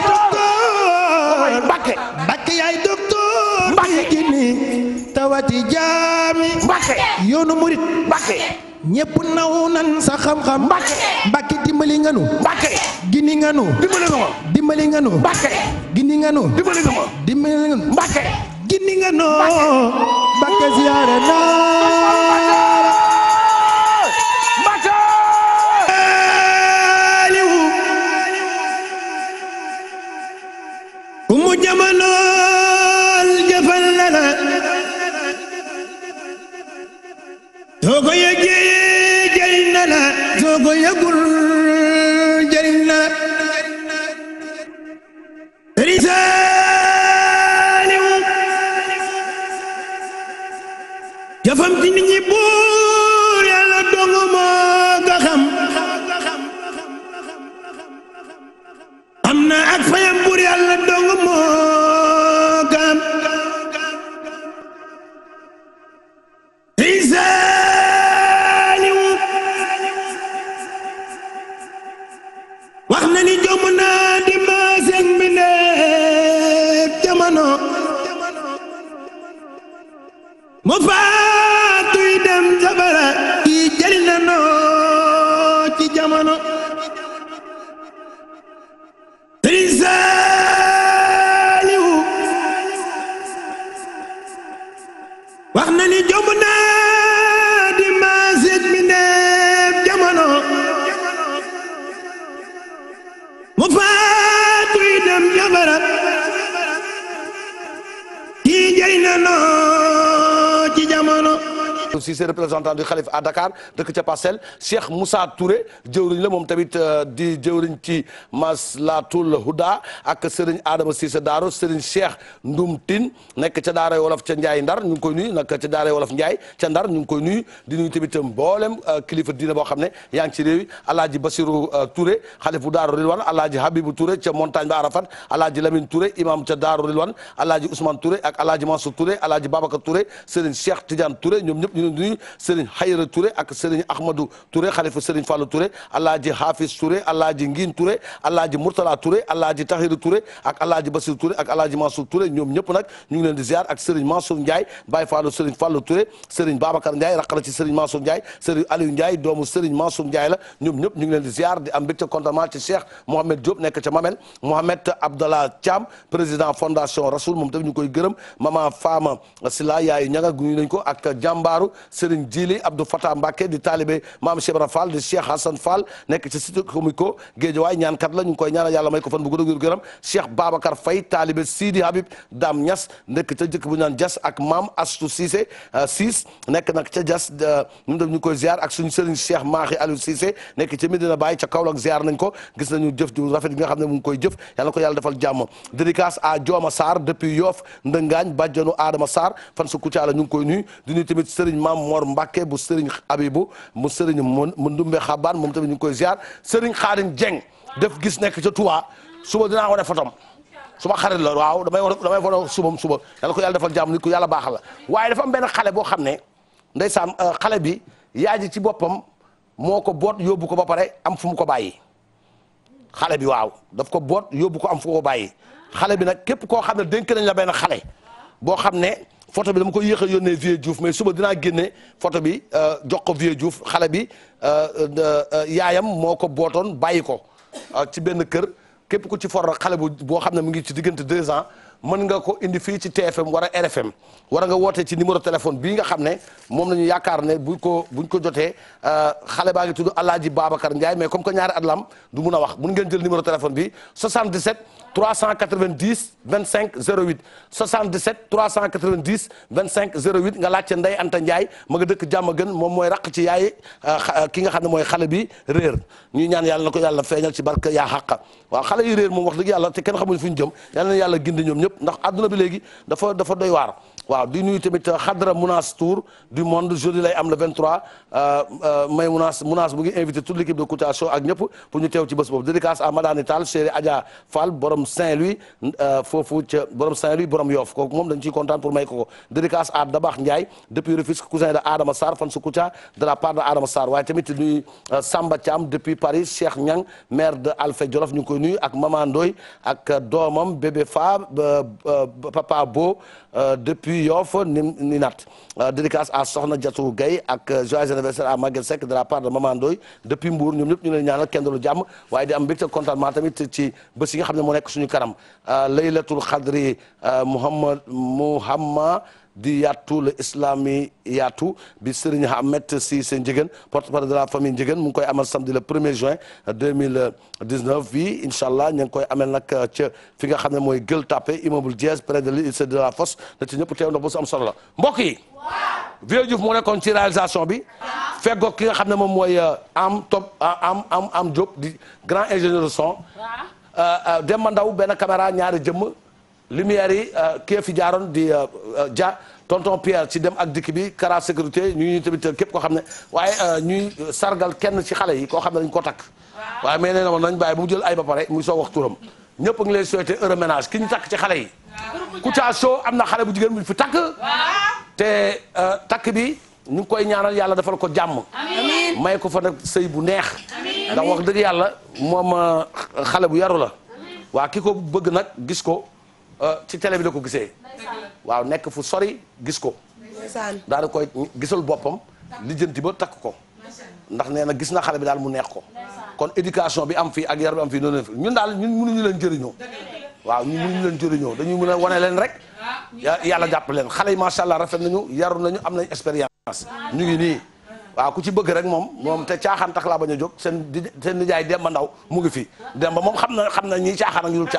Mbàkke yaay Mbàkke gi ni tawati jaami Mbàkke yoonu murit Mbàkke ñépp naw nan sa xam-xam Mbàkke dimbali nganu Mbàkke gini nganu dimbali nga nu Mbàkke gindi nga nu dimbali nga ma dimbali nga nu Mbàkke gindi nga nu Mbàkke ziyaare naa mu fa Cissé représentant du xalif à Dakar dëkk ca Parcelles Cheikh Moussa Touré jëwriñ la moom tamit euh, di jëwriñ ci Maslatul Huda ak Serigne Adama Cissé Daaro Serigne Cheikh Ndoum nekk ca daaro Wolof ca Ndiaye Ndar ñu ngi koy nuyu nag ca Daaray Wolof Ndiaye ca Ndar ñu ngi koy nuyu di nuyu tamit mboolem euh, kilifa diine boo xam ne yaa ngi ci réew yi Alaaji Basirou euh, Touré xalif bu Daaru Rilwan Alaaji Habibou Touré ca Montagne ba Arafat Alaaji Lamine Touré imam ca Daaru Rilwan Alaaji Ousmane Touré ak Alaaji Mansour Touré Alaaji Babacar Touré Serigne Cheikh aujourd'hui Serigne Xayra Touré ak Serigne Ahmadou Touré xalifa Serigne Fallou Touré alaaji Hafiz Touré alaaji Ngin Touré alaaji Mourtala Touré alaaji Tahir Touré ak alaaji Basir Touré ak alaaji Mansour Touré ñoom ñëpp nag ñu ngi leen di ziar ak Serigne Mansour Ndiaye Baye Fallou Serigne Fallou Touré Serigne Babacar Ndiaye raqala ci Serigne Mansour Ndiaye Serigne Aliou Ndiaye doomu Serigne Mansour Ndiaye la ñoom ñëpp ñu ngi leen di ziar di am mbégte contentement ci Cheikh Mohamed Diop nekk ca Mamel Mohamed Abdallah Thiam président fondation Rasoul moom tamit ñu koy gërëm maman Fama Sila yaay ñanga guñu nañ ko ak jàmbaaru Serigne Djili Abdou Fatah Mbacke di taalibe maam Cheikh Ibra Fall di Cheikh Hassan Fall nekk ci cité Comico Géejawaay ñaankat la ñu koy ñaanal yàlla may ko fan bu gudd wér gëram Cheikh Babacar Faye taalibe Sidi Habib Dame Niass nekk ca jëkk bu naan Dias ak maam Astou Cissé euh, Ciss nekk nag ca Dias euh, ñun def ñu koy ziar ak suñu Serigne Cheikh Mahi Aliou Cissé nekk ca Medina Baye ca Kaolack ziar nañ ko gis nañu jëf ju rafet bi nga ne mu ngi koy jëf ko yàlla defal jàmm dédicace à Dioma Sarr depuis Yoff Ndëngaañ bàjjanu Adama Sarr fan sa Kouthia la ñu koy nuyu di nuyu tamit Serigne Maam maam Mor Mbacke bu Serigne Abibu mu Serigne mu Ndumbe Xabaan moom tamit ñu ngi koy ziar Serigne Xaadim jeng def gis nekk ca Touba suba dinaa wane su ma xarit la waaw damay damay wane subam suba yàlla ko yàlla defal jàmm nit ku yàlla baaxal la waaye dafa am benn xale boo xam ne ndeysaan euh, xale bi yaay ci boppam moo ko boot yóbbu ko ba pare am fu mu ko bàyyi xale bi waaw daf ko boot yóbbu ko am fu ko bàyyi xale bi nag képp koo xam ne dénk nañ la benn xale boo xam ne. foto bi dama ko yéex a yónnee vieux Diouf mais suba dana génne photo bi euh, jox ko vieux Diouf xale bi euh, euh, yaayam moo ko bootoon bàyyi ko ci benn kër képp ku ci for xale bu boo xam ne mu ngi ci diggante deux ans. mën nga ko indi fii ci TFM wala RFM wala nga woote ci numéro téléphone bi nga xam ne moom la ñu yaakaar ne bu ko buñ ko jotee euh, xale baa ngi tudd Alaaji Babacar Ndiaye mais comme ñaari at du mun a wax mun ngeen jël numéro téléphone bi 77 390 25 08 77 390 25 08 nga laajte Ndeye Anta Ndiaye ma nga dëkk jàmm gën moom mooy raq ci yaay euh, ki nga xam ne mooy xale bi réer ñuy ñaan yàlla na ko yàlla feeñal ci barke yaa xàqa waaw xale yi réer moom wax na yàlla gindi ñëpp ndax àdduna bi léegi dafa dafa doy waar waaw di nuyu tamit xadra euh, Mounas Tour du monde jeudi lay am le 23 euh, euh, may Mounas Mounas mu ngi invité toute l'équipe de Kouthia Show ak ñëpp pour ñu teew ci bés boobu dédicace à Madani Tall chéri Adja Fall borom Saint-Louis foofu ca borom Saint-Louis borom Yoff kooku moom dañ ciy kontaan pour may ko ko dédicace à Dabax Ndiaye depuis Rufisque cousin de Adama Sarr fan su Kouthia de la part de Adama Sarr waaye tamit nuyu Samba Thiam depuis Paris Cheikh Niang maire de Alfay Jolof ñu ngi koy nuyu ak Maman Ndoye ak doomam bébé Fa papa Bo depuis du Yoff ni nat euh, dédicace à Soxna Diatou Gueye ak euh, joyeux anniversaire a Maguette Seck de la part de Maman Ndoye depuis Mbour ñoom ñëpp ñu leen ñaanal kenn lu waaye di am mbégte contentement ci bés yi nga xam ne suñu kanam euh, laylatul xadri Muhammad Muhammad di yaatu le islami yaatu bi Serigne Ahmed Cissé Ndiéguène porte-parole de la famille Ndiéguène mu ngi koy amal samedi le 1er juin 2019 bi incha allah ñu ngi koy amal nag euh, ca fi nga xam ne mooy Gueule Tapée immeuble Diaz près de l'ICED de la Fosse na ci ñëpp teew ndox am solo la mbokk yi. Vieux Diouf moo nekkoon ci réalisation bi. feggoo ki nga xam ne moom mooy euh, am top euh, am am am Diop di grand ingénieur de son. Demba Ndaw benn caméra ñaari jëmm. lumière yi euh, kee fi jaaroon di ja euh, euh, tonton Pierre ci dem ak dikk bi Kara sécurité ñu ñu tamit képp koo xam ne waaye ñuy sargal kenn ci xale yi koo xam ne dañ ko takk waaye mais nee na woon nañ bàyyi bu mu jël ay ba pare muy soo wax turam ñëpp a ngi lay souhaité heureux ménage ki ñu takk ci xale yi Kouthia Show am na xale bu jigéen bu fi takk te takk bi ñu ngi koy ñaanal yàlla defal ko jàmm may ko fa nag sëy bu neex ndax wax dëgg yàlla moom xale bu yaru la nag gis ko Euh, ci télé bi la ko gisee. waaw nekk fu sori gis ko. daal koy gisul boppam. lijjanti ba takk ko. ndax nee na gis na xale bi daal mu neex ko. kon éducation bi am fii ak yar bi am fii noonu ñun daal ñun mënuñu leen jëriñoo. waaw ñun mënuñu leen jëriñoo dañuy mun a wane leen rek. yàlla jàpp leen xale yi macha allah rafet nañu yaru nañu am nañ expérience. ñu ngi nii. waaw ku ci bëgg rek moom moom te caaxaan tax laa bañ a jóg seen seen nijaay Ndaw mu ngi fi Demba moom xam na xam na ñiy caaxaan ak ñu dul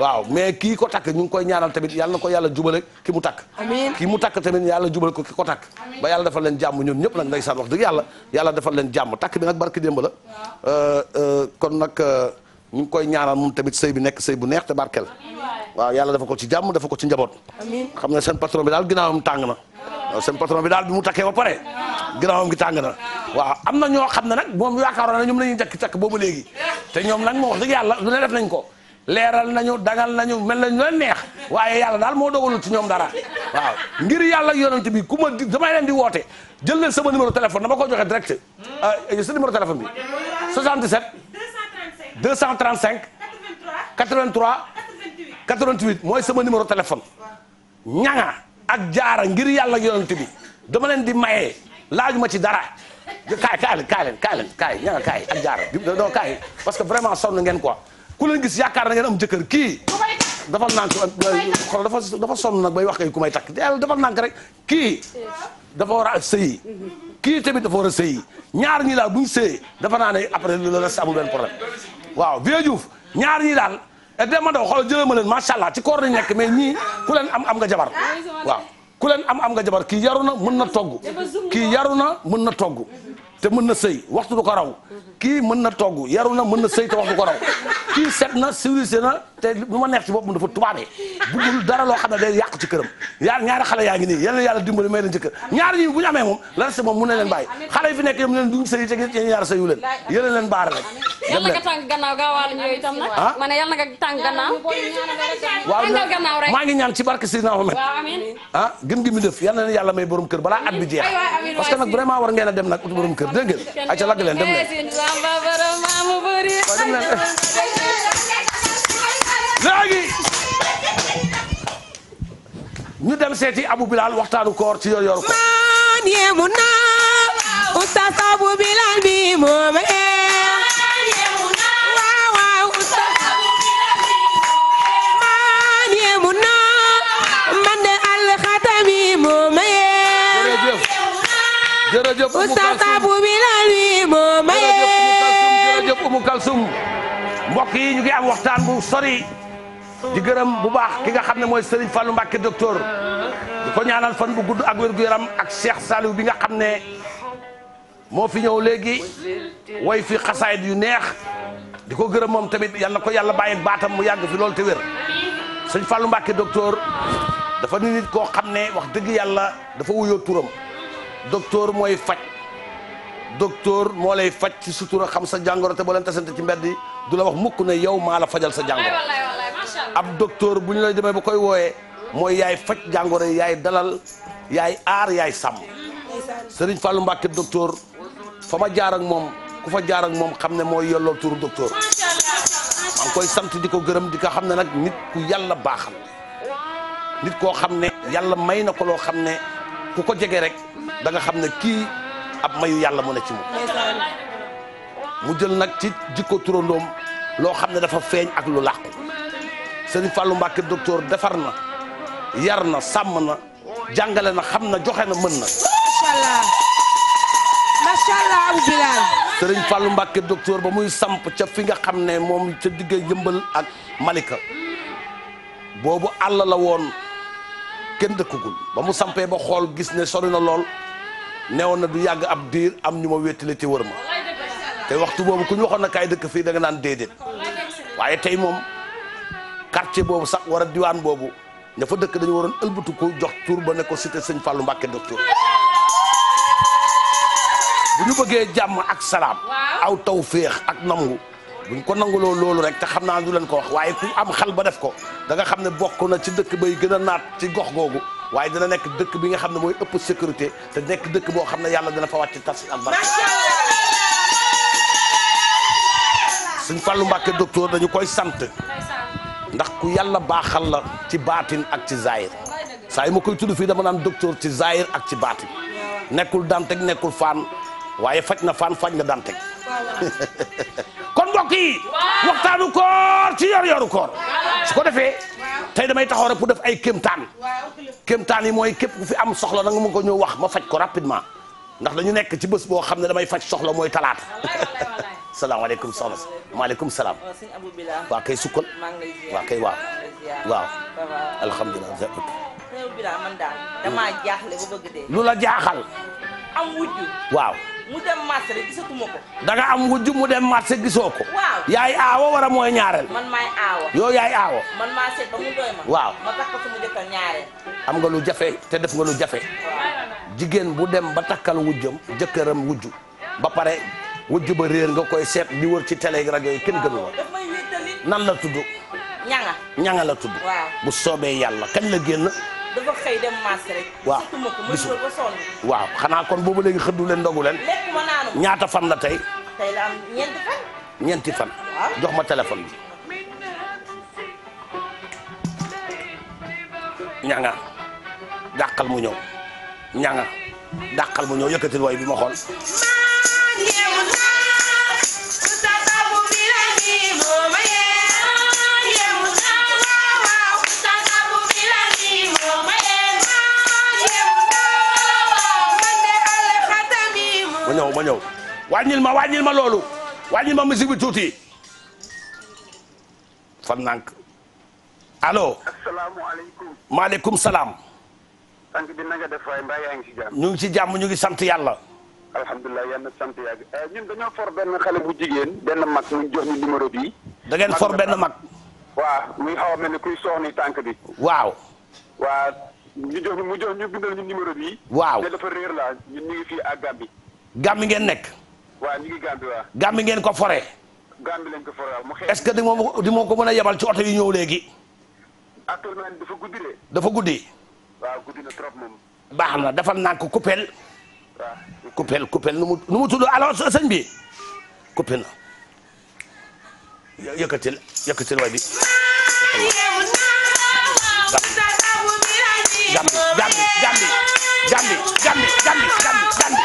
waaw mais kii ko takk ñu ngi koy ñaanal tamit yàlla na ko yàlla jubale ki mu takk kii mu takk tamit yàlla jubale ko ki ko takk ba yàlla defal leen jàmm ñun ñëpp nag ndeysaan wax dëgg yàlla yàlla defal leen jàmm takk bi nag barki démb la euh, euh, kon nag euh, ñu ngi koy ñaanal moom tamit sëy bi nekk sëy bu neex te barkeel waaw yàlla dafa ko ci jàmm dafa ko ci njaboot xam ne seen patron bi daal ginnaawam tàng na seen patron bi daal bi mu takkee ba pare ginnaawam gi tàng na waaw am na ñoo xam ne nag moom yaakaaroon na ñoom la ñuy njëkk takk boobu léegi te ñoom nag moo wax dëgg yàlla lu ne def nañ ko leeral nañu dangal nañu mel nañ leen neex waaye yàlla daal moo dogalul ci ñoom dara waaw ngir yàlla yonent bi ku ma di damay leen di woote jël leen sama numéro téléphone dama ko joxe direct ah, sa numéro téléphone bi 77 235 83 88 mooy sama numéro téléphone ñanga ak jaara ngir yàlla ak yonent bi dama leen di maye laajuma ci dara kaay kaay leen kaay leen kaay leen kaay ña kaay ak jaara doo kaay parce que vraiment sonn ngeen quoi ku leen gis yaakaar na ngeen am jëkkër kii dafa nànk euh, xol dafa dafa sonn na bay wax kay ku may takk yàlla dafa nànk rek kii dafa war a sëyi kii tamit dafa war a sëyi ñaar ñi bu ñu sëyee dafa naa ne après le reste amul benn problème waaw Vieux Diouf ñaar ñi et eh, dama daw xool jëlee ma leen macha allah ci koor lañ nekk mais ñii ku leen am am nga jabar ah, waa ku leen am am nga jabar kii yaru na mën na togg kii yaru na mën na togg te mën na sëy waxtu du ko raw kii mën na togg yaru na mën na sëy te waxtu du ko raw kii set na civilisé na te lu ma neex ci boppam dafa tubaabee bëggul dara loo xam ne day yàqu ci këram yaar ñaari xale yaa ngi nii yeneen yàlla dimbali may leen ci kër ñaar ñi bu ñu amee la reste moom mun leen bàyyi xale yi fi nekk yom leen duñ sëy te yéen ñaar sëyu leen yéen leen baare rek yàlla nga tàng gannaaw ah? ma ne yàlla nga tàng gannaaw waaw gannaaw rek maa ngi ñaan ci barke Seydina Mohamed ah gën gi mi def kër balaa jeex parce que war ngeen dem nag ut borom kër dégg ngeen ayca lakk leen dem seeti Abu Bilal waxtaanu koor ci yor yoru ko Abu Bilal bi moom jërëjëf Umu Kalsum moo maye yi ñu ngi am waxtaan bu sori di gërëm bu baax ki nga xam ne mooy Serigne falu Mbacke docteur di ko ñaanal fan bu gudd ak wér gu yaram ak Cheikh Saliou bi nga xam ne moo fi ñëw léegi way fi xasaayit yu neex di ko gërëm moom tamit yal na ko yàlla bàyyi baatam mu yàgg fi loolu te wér Serigne Fallou Mbacke docteur dafa nit koo xam ne wax dëgg yàlla dafa wuyoo turam. docteur mooy faj docteur moo lay faj ci sutura xam sa jàngoro te boo leen tasante ci mbedd yi du la wax mukk ne yow maa la fajal sa jàngoro ab docteur bu ñu lay demee ba koy wooyee mooy yaay faj jàngoro yaay dalal yaay aar yaay sàmm Serigne Fallou Mbacké docteur fa ma jaar moom ku fa jaar moom xam ne mooy yelloo turu docteur maa koy sant di ko gërëm di ko xam ne nag nit ku yàlla baaxal nit koo xam ne yàlla may na ko loo xam ne ku ko jege rek danga xam ne kii ab mayu yàlla mu na ci moom mu jël nag ci jikko turandoom loo xam ne dafa feeñ ak lu làqu sëriñ Fallou Mbacke docteur defar na yar na sàmm na jàngale na xam na joxe na mën na macha allah Abu Bilal sëriñ Fallou Mbacke docteur ba muy samp ca fi nga xam ne moom ca digg yëmbal ak Malika boobu àll la woon kenn dëkkagul ba mu sampee ba xool gis ne sori na lool woon na du yàgg ab diir am ñu ma wéttali te wër ma te waxtu boobu ku ñu waxoon na kaay dëkk fii da nga naan déedéet waaye tey moom quartier boobu sax war a diwaan boobu ña dëkk dañu waroon ëlbatu jox tur ba ne ko cité sëñ Fallou Mbacké docteur bu ñu bëggee jàmm ak salaam aw taw féex ak nangu buñ ko nanguloo loolu rek te xam naa du leen ko wax waaye ku am xal ba def ko da xam ne bokk na ci dëkk bay gën a naat ci gox googu waaye dina nekk dëkk bi nga xam ne mooy ëpp sécurité te nekk dëkk boo xam ne yàlla dina fa wàcc tas ak barke suñ falu mbàkke docteur dañu koy sant ndax ku yàlla baaxal la ci baatin ak ci zaahir saa yi ma koy tudd fii dama naan docteur ci zaahir ak ci baatin nekkul danteg nekkul faan waaye faj na faan fañ na daan danteg kon mbokk yi waxtaanu koor ci yor yoru koor su ko defee tey damay taxaw rek pour def ay kéemtaan kéemtaan yi mooy képp ku fi am soxla nanga ma ko ñëw wax ma faj ko rapidement ndax dañu nekk ci bés boo xam ne damay faj soxla mooy talaat salaamaaleykum soxna si salaam oh, waa kay sukkal waa kay waaw alhamdulilah lu la jaaxal waaw mu dem marché rek am wujj mu dem marché gisoo ko. waaw yaay aawo wara mooy ñaareel. man yaay aawo. waaw ma takk nga lu jafe te def nga lu jafe. jigéen bu dem ba takkal wujjam jëkkëram wujj ba pare wujj ba réer nga koy seet di wër ci télé rajo yi kenn gënu nan la tudd. ñanga ñanga la tudd. bu soobee yàlla kañ la génn. dafa xëy dem marché rek. waaw waaw xanaa kon boobu léegi xëddu leen ndogu leen. ñaata fan la tey. tey la ñeenti fan. jox ma téléphone bi. ñanga dàqal mu ñëw ñanga dàqal mu ñëw yëkkatil way bi ma xool. maa ngi ñëw ma ñëw wàññil ma wàññil ma loolu wàññil ma musique bi tuuti fan nànk allo. asalaamaaleykum. maaleykum salaam. sànq bi na nga def waaye mbaa yaa ngi ci ñu ngi ci jàmm ñu ngi sant yàlla. alhamdulilah yàlla sant yàgg eh, ñun dañoo for benn xale bu jigéen benn mag mu jox ni numéro bi da for benn mag. waaw muy xaw a mel ni kuy soxni tànk bi. waaw. waa ñu jox ñu mu jox ñu bindal ñu bi waaw te dafa réer la ñun ñu gàmmi ngeen nekk. waaw ñu ngi gàmmi ngeen ko foree. gàmmi lañ ko foree mu xëy. est-ce que di ma ko di ma ko mën a yebal ci oto yi ñëw léegi. dafa guddi guddi. na trop moom. baax na defal naa ko coupelle. waaw coupelle coupelle nu mu nu mu tudd alors bi coupé na. yëkkatil yëkkatil way bi. Jambi Jambi Jambi Jambi Jambi Jambi Jambi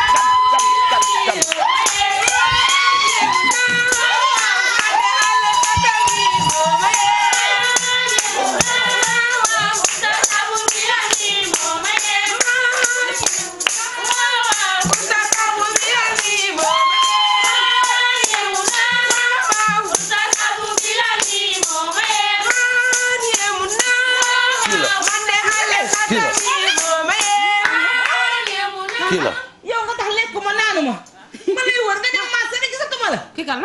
kan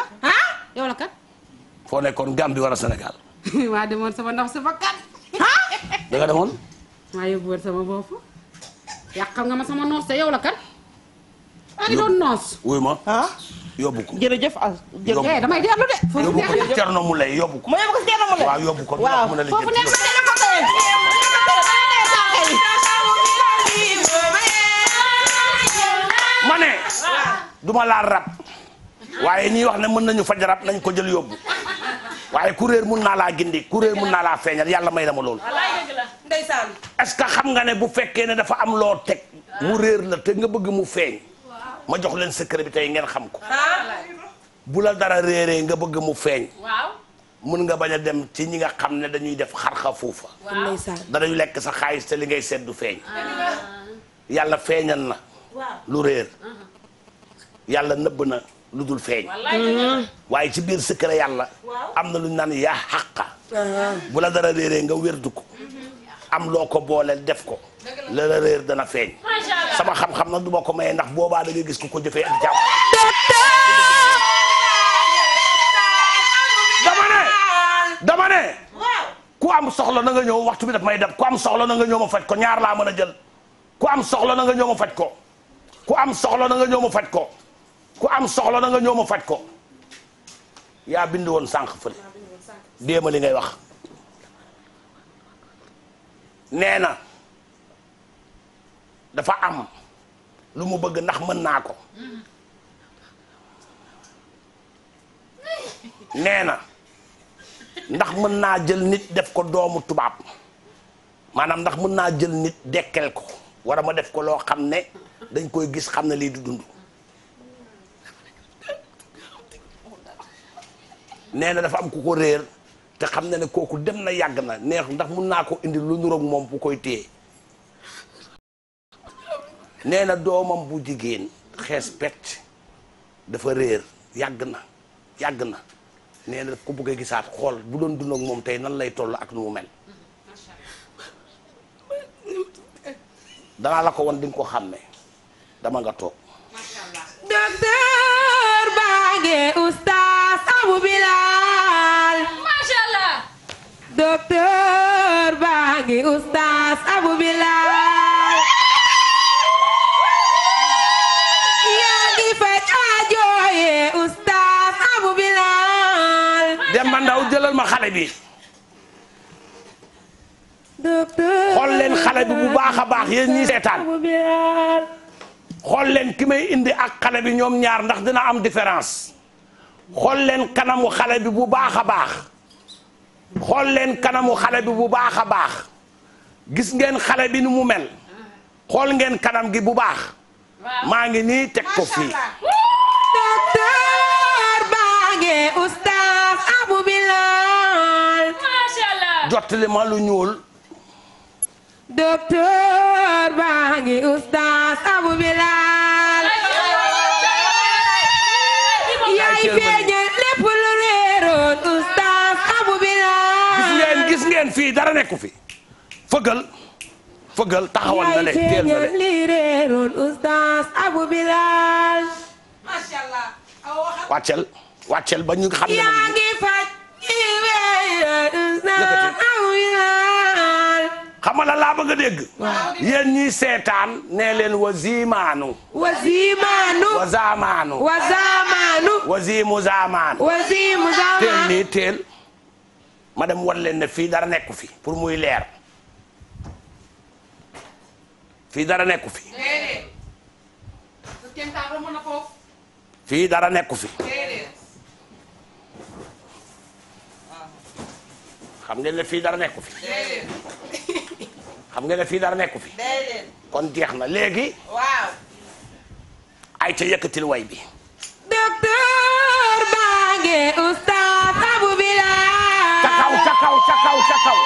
yow la kan. foo nekkoon Gambie wala Sénégal. [LAUGHS] waa demoon sama ndox sama kan. ah [LAUGHS] da demoon. maa yóbbuwoon sama bopp yàqal nga ma sama noos te yow la kan. maa ngi doon noos. wuy ma ah. yóbbu ko jërëjëf as. yóbbu ko eh, damay dellu de. foofu neex na Thierno Moulay yóbbu ma yóbbu ko Thierno na dana ko tey. ma ne. duma laal rab. waaye ñuy wax ne mën nañu faj rab nañ ko jël yóbbu waaye kuréer mun naa laa gindi kuréer mun naa laa feeñal yàlla may na ma loolu. ndeysaan est-ce que xam nga ne bu fekkee ne dafa am loo teg mu réer la te nga bëgg mu feeñ ma jox leen secret bi tey ngeen xam ko ah. bu la dara réeree nga bëgg mu feeñ mun nga bañ a dem ci ñi nga xam ne dañuy def xarxa foofa danañu lekk sa xaalis te li ngay seddu feeñ ah. yàlla feeñal na lu réer uh-huh. yàlla nëbb na lu dul feeñ waaye ci biir secret yàlla am na lu ñu naan yaa xàqa uh-huh. bu la dara réeree nga wérdu ko mm-hmm. am loo ko booleel def ko la la dana feeñ sama xam-xam na du ma ko maye ndax boobaa da ngay gis ku ko jëfee ak jàmm ne ku am soxla na nga ñëw waxtu bi daf may dab ku am soxla na nga ñëw ma faj ko ñaar laa mën a jël ku am soxla na nga ñëw ma faj ko ku am soxla na nga ñëw ma faj ko ku am soxla na nga ñëw ma faj ko yaa bind woon sànq fële déema li ngay wax nee na dafa am lu mu bëgg ndax mën naa ko nee na ndax mën naa jël nit def ko doomu tubaab maanaam ndax mën naa jël nit dekkel ko wara ma def ko loo xam ne dañ koy gis xam ne lii du dund nee na dafa am ku ko réer te xam na ne kooku dem na yàgg na neex ndax mun naa ko indi lu nuroog moom bu koy téye nee na doomam bu jigéen xees pecc dafa réer yàgg na yàgg na nee na ku bëggee gisaat xool bu doon dund moom tey nan lay toll ak nu mu mel danaa la ko wan di nga ko xàmme dama nga toog docteur Baage bu Bilal. ustaas Abu Bilal. yaa ngi faj ajooye ustaas Abu Bilal. Demba Ndaw jëlal ma xale bi. docteur xool leen xale bu baax baax yéen ñii seetaan. xool leen ki may indi ak xale bi ñoom ñaar ndax dina am différence. xool leen kanamu xale bi bu baax a baax xool leen kanamu xale bi bu baax a baax gis ngeen xale bi ni mu mel xool ngeen kanam gi bu baax maa ngi nii teg ko fii docteur ma lu ñuul docteur baange fii dara nekku fi fëggal fëggal taxawal na teel na le lii réeroon oustaz Abou Bilal macha allah ba ñu xam ne yaa ngi faj lii réeroon oustaz Abou la laa bëgg a dégg seetaan nee leen wazimaanu wazimaanu wazamaanu wazamaanu wazimu zamaanu wazimu zamaanu teel nii teel ma dem wan leen ne fii dara nekku fi pour muy leer dara nekku fi fii dara nekku fi xam ngeen ne fii dara nekku fi xam ngeen ne fii dara nekku fi kon jeex na léegi waaw ay ca yëkkatil way bi docteur ca kaw ca kaw ca kaw.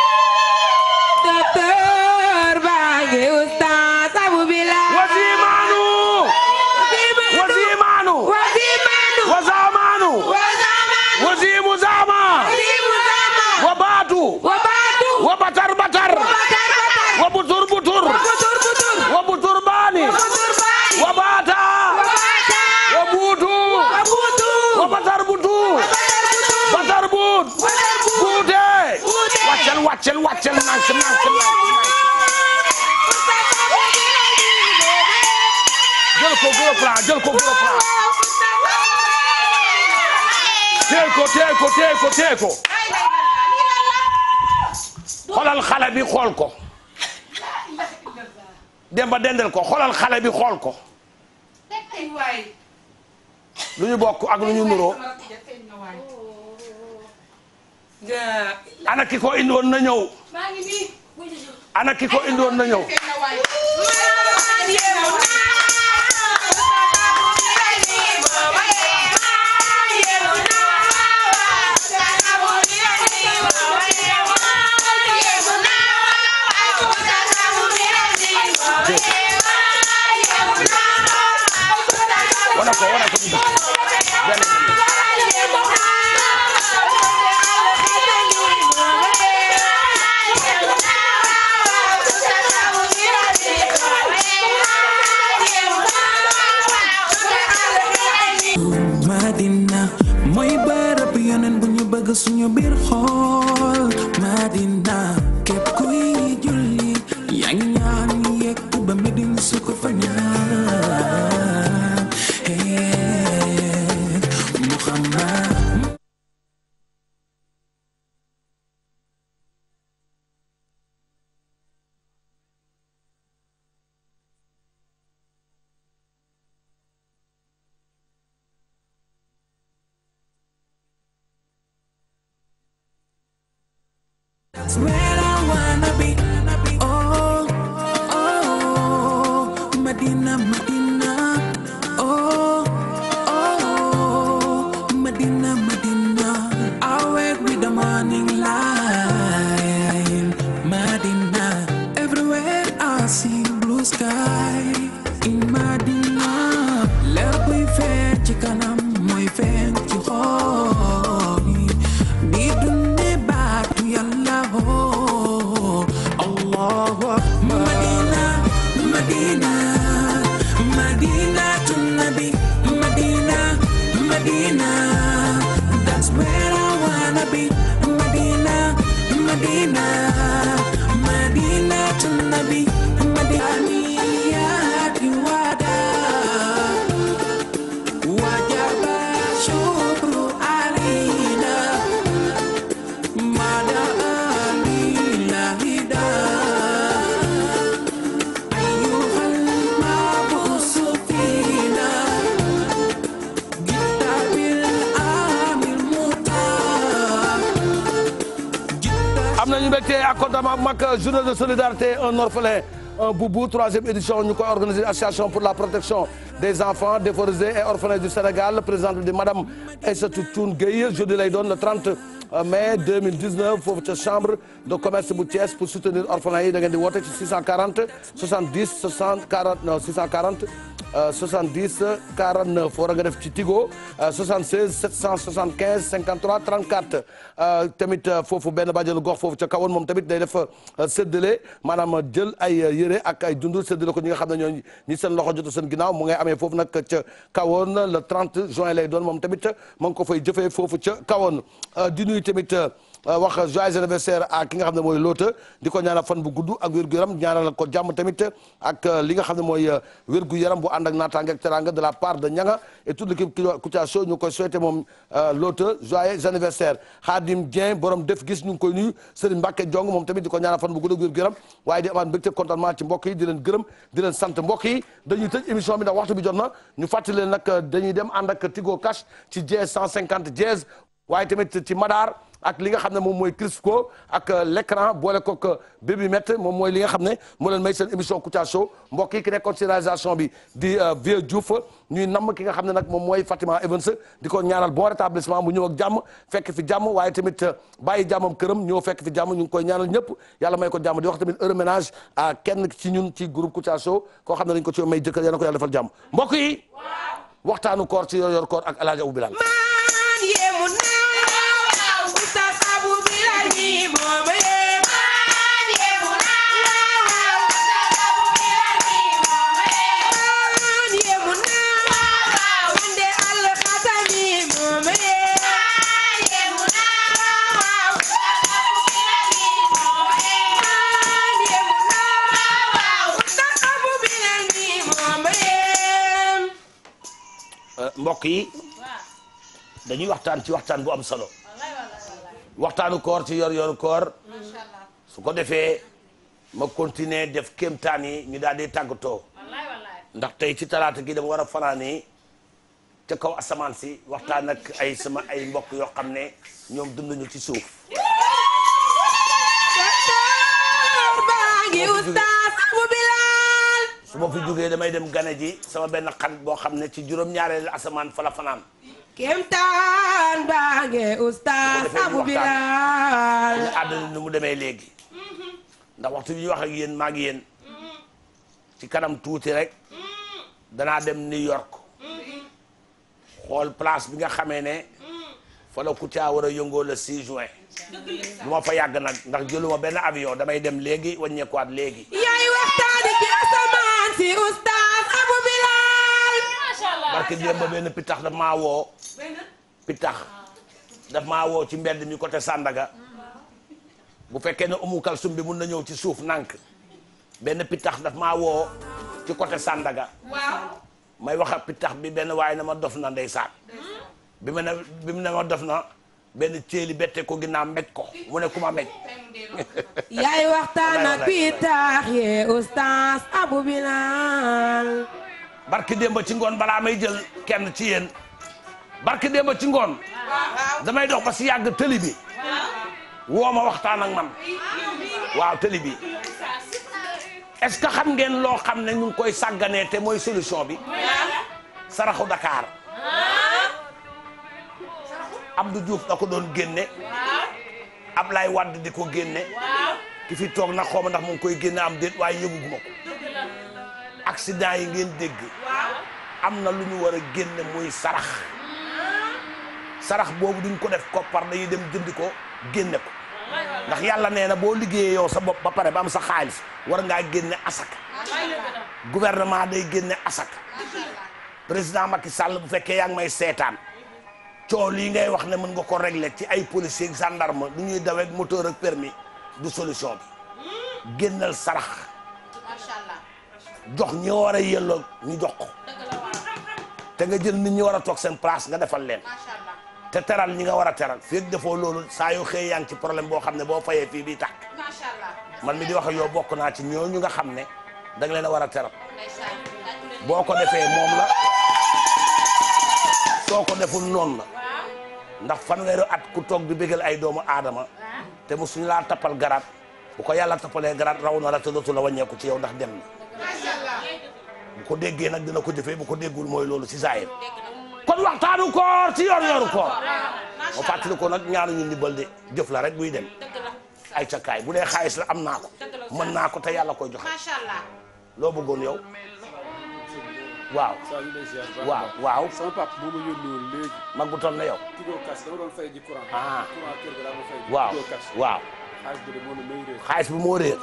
teeko teeko teeko xolal xale bi xool ko dem ba dendal ko xolal xale bi xool ko lu ñu bokk ak lu ñu nuroo ana ko indoon na ñëw ana ki na ñëw wana ko wana ko dindi suñu biir xool Madina képp kuy julli yaa ngi ñaan yekk ba Medina su ko fa ñaan solidarité un orphelin un boubou troisième édition ñu koy pour la protection des enfants défavorisés et orphelins du Sénégal présidente di madame Aïssatou Thioune Gueye jeudi lay doon le 30 euh, mai 2019 foofu ca chambre de commerce bu 70 eh, 49 war nga def ci Tigo 76 775 53 34 tamit eh, foofu benn bàjjëlu gox foofu ca kawoon moom tamit day def eh, séddale maanaam jël ay yére ak ay dund séddale ko ñi nga xam ne ñoo ñi seen loxo jotu seen ginnaaw mu ngay amee foofu nag ca kawoon le 30 juin lay doon moom tamit ma ngi ko fay jëfee foofu ca kawoon di nuyu tamit. Euh, wax joyeux anniversaire ki nga xam ne mooy loota di ko ñaanal fan bu gudd ak wér-gu-yaram ñaanal jàmm tamit euh, li nga xam ne mooy euh, wér yaram bu ànd ak naataange ak teranga de la part de ñanga et toute l'équipe Kouthia Show ñu koy souhaité moom loota joyeux anniversaire Khadim Dieng borom def gis ñu ngi koy nuyu Serigne Mbacke Jong moom tamit di ko ñaanal fan bu gudd ak wér-gu-yaram waaye di amaat mbégte contentement ci mbokk di leen gërëm di leen sant mbokk yi dañuy tëj émission bi ndax waxtu bi jot na ñu fàttali leen nag dañuy dem ànd ak Tigo Cash ci Jazz 150 Jazz waaye tamit ci Madaar ak li nga xam ne moom mooy Crisco ak euh, l'écran boole kook euh, bébi mètre moom mooy li nga xam ne moo leen may seen émission Kouthia Show mbokk yi ki nekkoon si réalisation bi di euh, Vieux Diouf ñuy namm ki nga xam ne nag moom mooy Fatima Evans di ko ñaanal bon rétablissement mu ñëw ak jàmm fekk fi jàmm waaye tamit bàyyi jàmmam këram ñëw fekk fi jàmm ñu ngi koy ñaanal ñëpp yàlla may ko jàmm di wax tamit heure ménage à kenn ci ñun ci groupe Kouthia Show koo xam ne dañ ko ci may jëkkër yal na ko yàlla defal jàmm mbokk waxtaanu koor ci yor ak El Hadj Abou Euh, mbokk yi dañuy waxtaan ci waxtaan bu am solo waxtaanu koor ci yor yoru koor su ko defee ma continuer def kéemtaan yi ñu daal di tàggatoo ndax tey ci talaata gi dama war a fanaani ca kaw asamaan si waxtaan ak ay ay mbokk yoo xam ne ñoom dunduñu ci suuf su ma fi jógee damay dem gane ji sama benn xarit boo xam ne ci juróom-ñaareelu asamaan fa la fanaan kéemtaan baa nge oustaz Abu Bilal mu demee léegi ndax waxtu bi ñu wax ak yéen maa ngi yéen ci kanam tuuti rek danaa dem New York xool place bi nga xamee ne ku ci Kouthia war a yëngoo le 6 juin lu fa yàgg nag ndax jëluma benn avion damay dem léegi wàññeekuwaat léegi si oustaz Abu Bilal. macha allah barke démb ba benn pitax daf maa woo. pitax daf maa woo ci mbedd mi côté sàndaga bu fekkee ne umu kalsum bi mun na ñëw ci suuf nànk benn pittax daf maa woo ci côté sàndaga waaw may wax ak pitax bi benn waaye na ma dof na ndeysaan. Hmm? bi ma ne bi mu ne ma dof na. benn ceeli bette ko ginnaaw mbéj ko mu ne ku ma mbéj. [LAUGHS] yaay waxtaan ak bii taax yee oustaz Abu Bilal. barki démb ci ngoon balaa may jël kenn ci yéen barki démb ci ngoon damay dox ba si yàgg tëli bi woo ma waxtaan ak man waaw tëli bi est-ce que xam ngeen loo xam ne ñu ngi koy sàgganee te mooy solution bi saraxu dakaar ah. Abdou Diouf da ko doon génne Ablaye Wade di ko génne ki fi toog nag xaw ndax mu ngi koy génne am déet waaye yëguguma ko accident yi ngeen dégg am na lu ñu war a génne muy sarax hmm. sarax boobu duñ ko def koppar dañuy dem jëndi ko génne ko ndax yàlla nee na boo liggéeyee yow sa bopp ba pare ba am sa xaalis war ngaa génne asaka gouvernement day génne asaka président Macky Sall bu fekkee yaa ngi may seetaan coow lii ngay wax ne mën nga ko régler ci ay policier gendarme du ñuy daweeg moteur ak permis du solution bi génnal sarax macha allah jox ñi war a yelloo ñu jox ko te nga jël nit ñu war a toog seen place nga defal leen te teral ñi nga war a teral feeg defoo loolu saa yoo xëy yaa ci problème boo xam ne boo fayee fii bii tàkk man mi di wax ak yow bokk naa ci ñooñu nga xam ne da leen a war a teral boo ko defee moom la soo ko deful noonu la ndax fanweeri at ku toog di bégal ay doomu aadama te mu suñu laa tappal garab bu ko yàlla tappalee garaat raw na la te dootu la wàññeeku ci yow ndax dem na bu ko déggee nag dina ko jëfee bu ko déggul mooy loolu si zaahir kon waxtaanu koor ci yoor yooru koor ma fàttali ko nag ñaanuñu ndimbal de jëf la rek buy dem ay cakaay bu dee xaalis la am naa ko mën naa ko te yàlla koy joxe loo bëggoon yow waaw waaw waaw sama pap moo ma yónni woon léegi mag bu toll na yow kilo ji courant ah. courant kër ga laa waaw waaw xaalis bu de moo may réer xaalis bi moo réer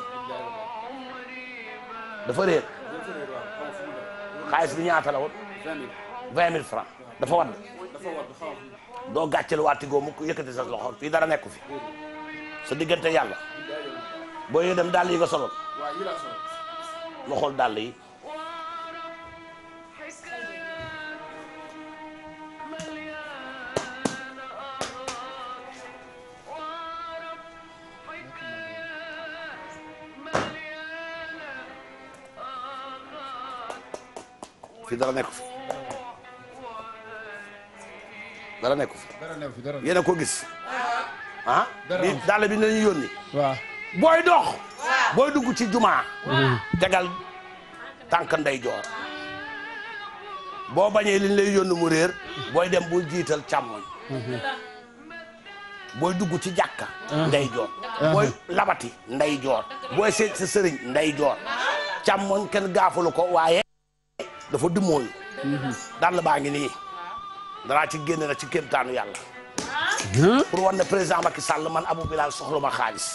dafa réer xaalis bi ñaata la woon vingt mille francs dafa wadd doo gàccel waati goo mukk yëkkati sa loxo fii dara nekku fi sa diggante yàlla boo yee dem dàll yi nga soloon ma xool dàll yi fi dara nekku fi dara nekku fi. dara nekku a ko gis. ah bi daal bi nañu yónni. waaw booy dox. booy dugg ci jumaa. Mm-hmm. tegal tànk ndey joor. boo bañee liñ lay yónni mu réer. booy dem bul jiital càmmoñ. Mm-hmm. booy dugg ci jàkka. Ah. ndey joor. Ah. booy labati ndey joor. booy seet sa sëriñ ndey joor. Ah. kenn gaafalu ko waaye dafa dumooyu mhm. dàll baa ngi nii danaa ci génn na ci kéemtaanu yàlla pour wan ne président Macky Sall man Abou Bilal soxla ma xaalis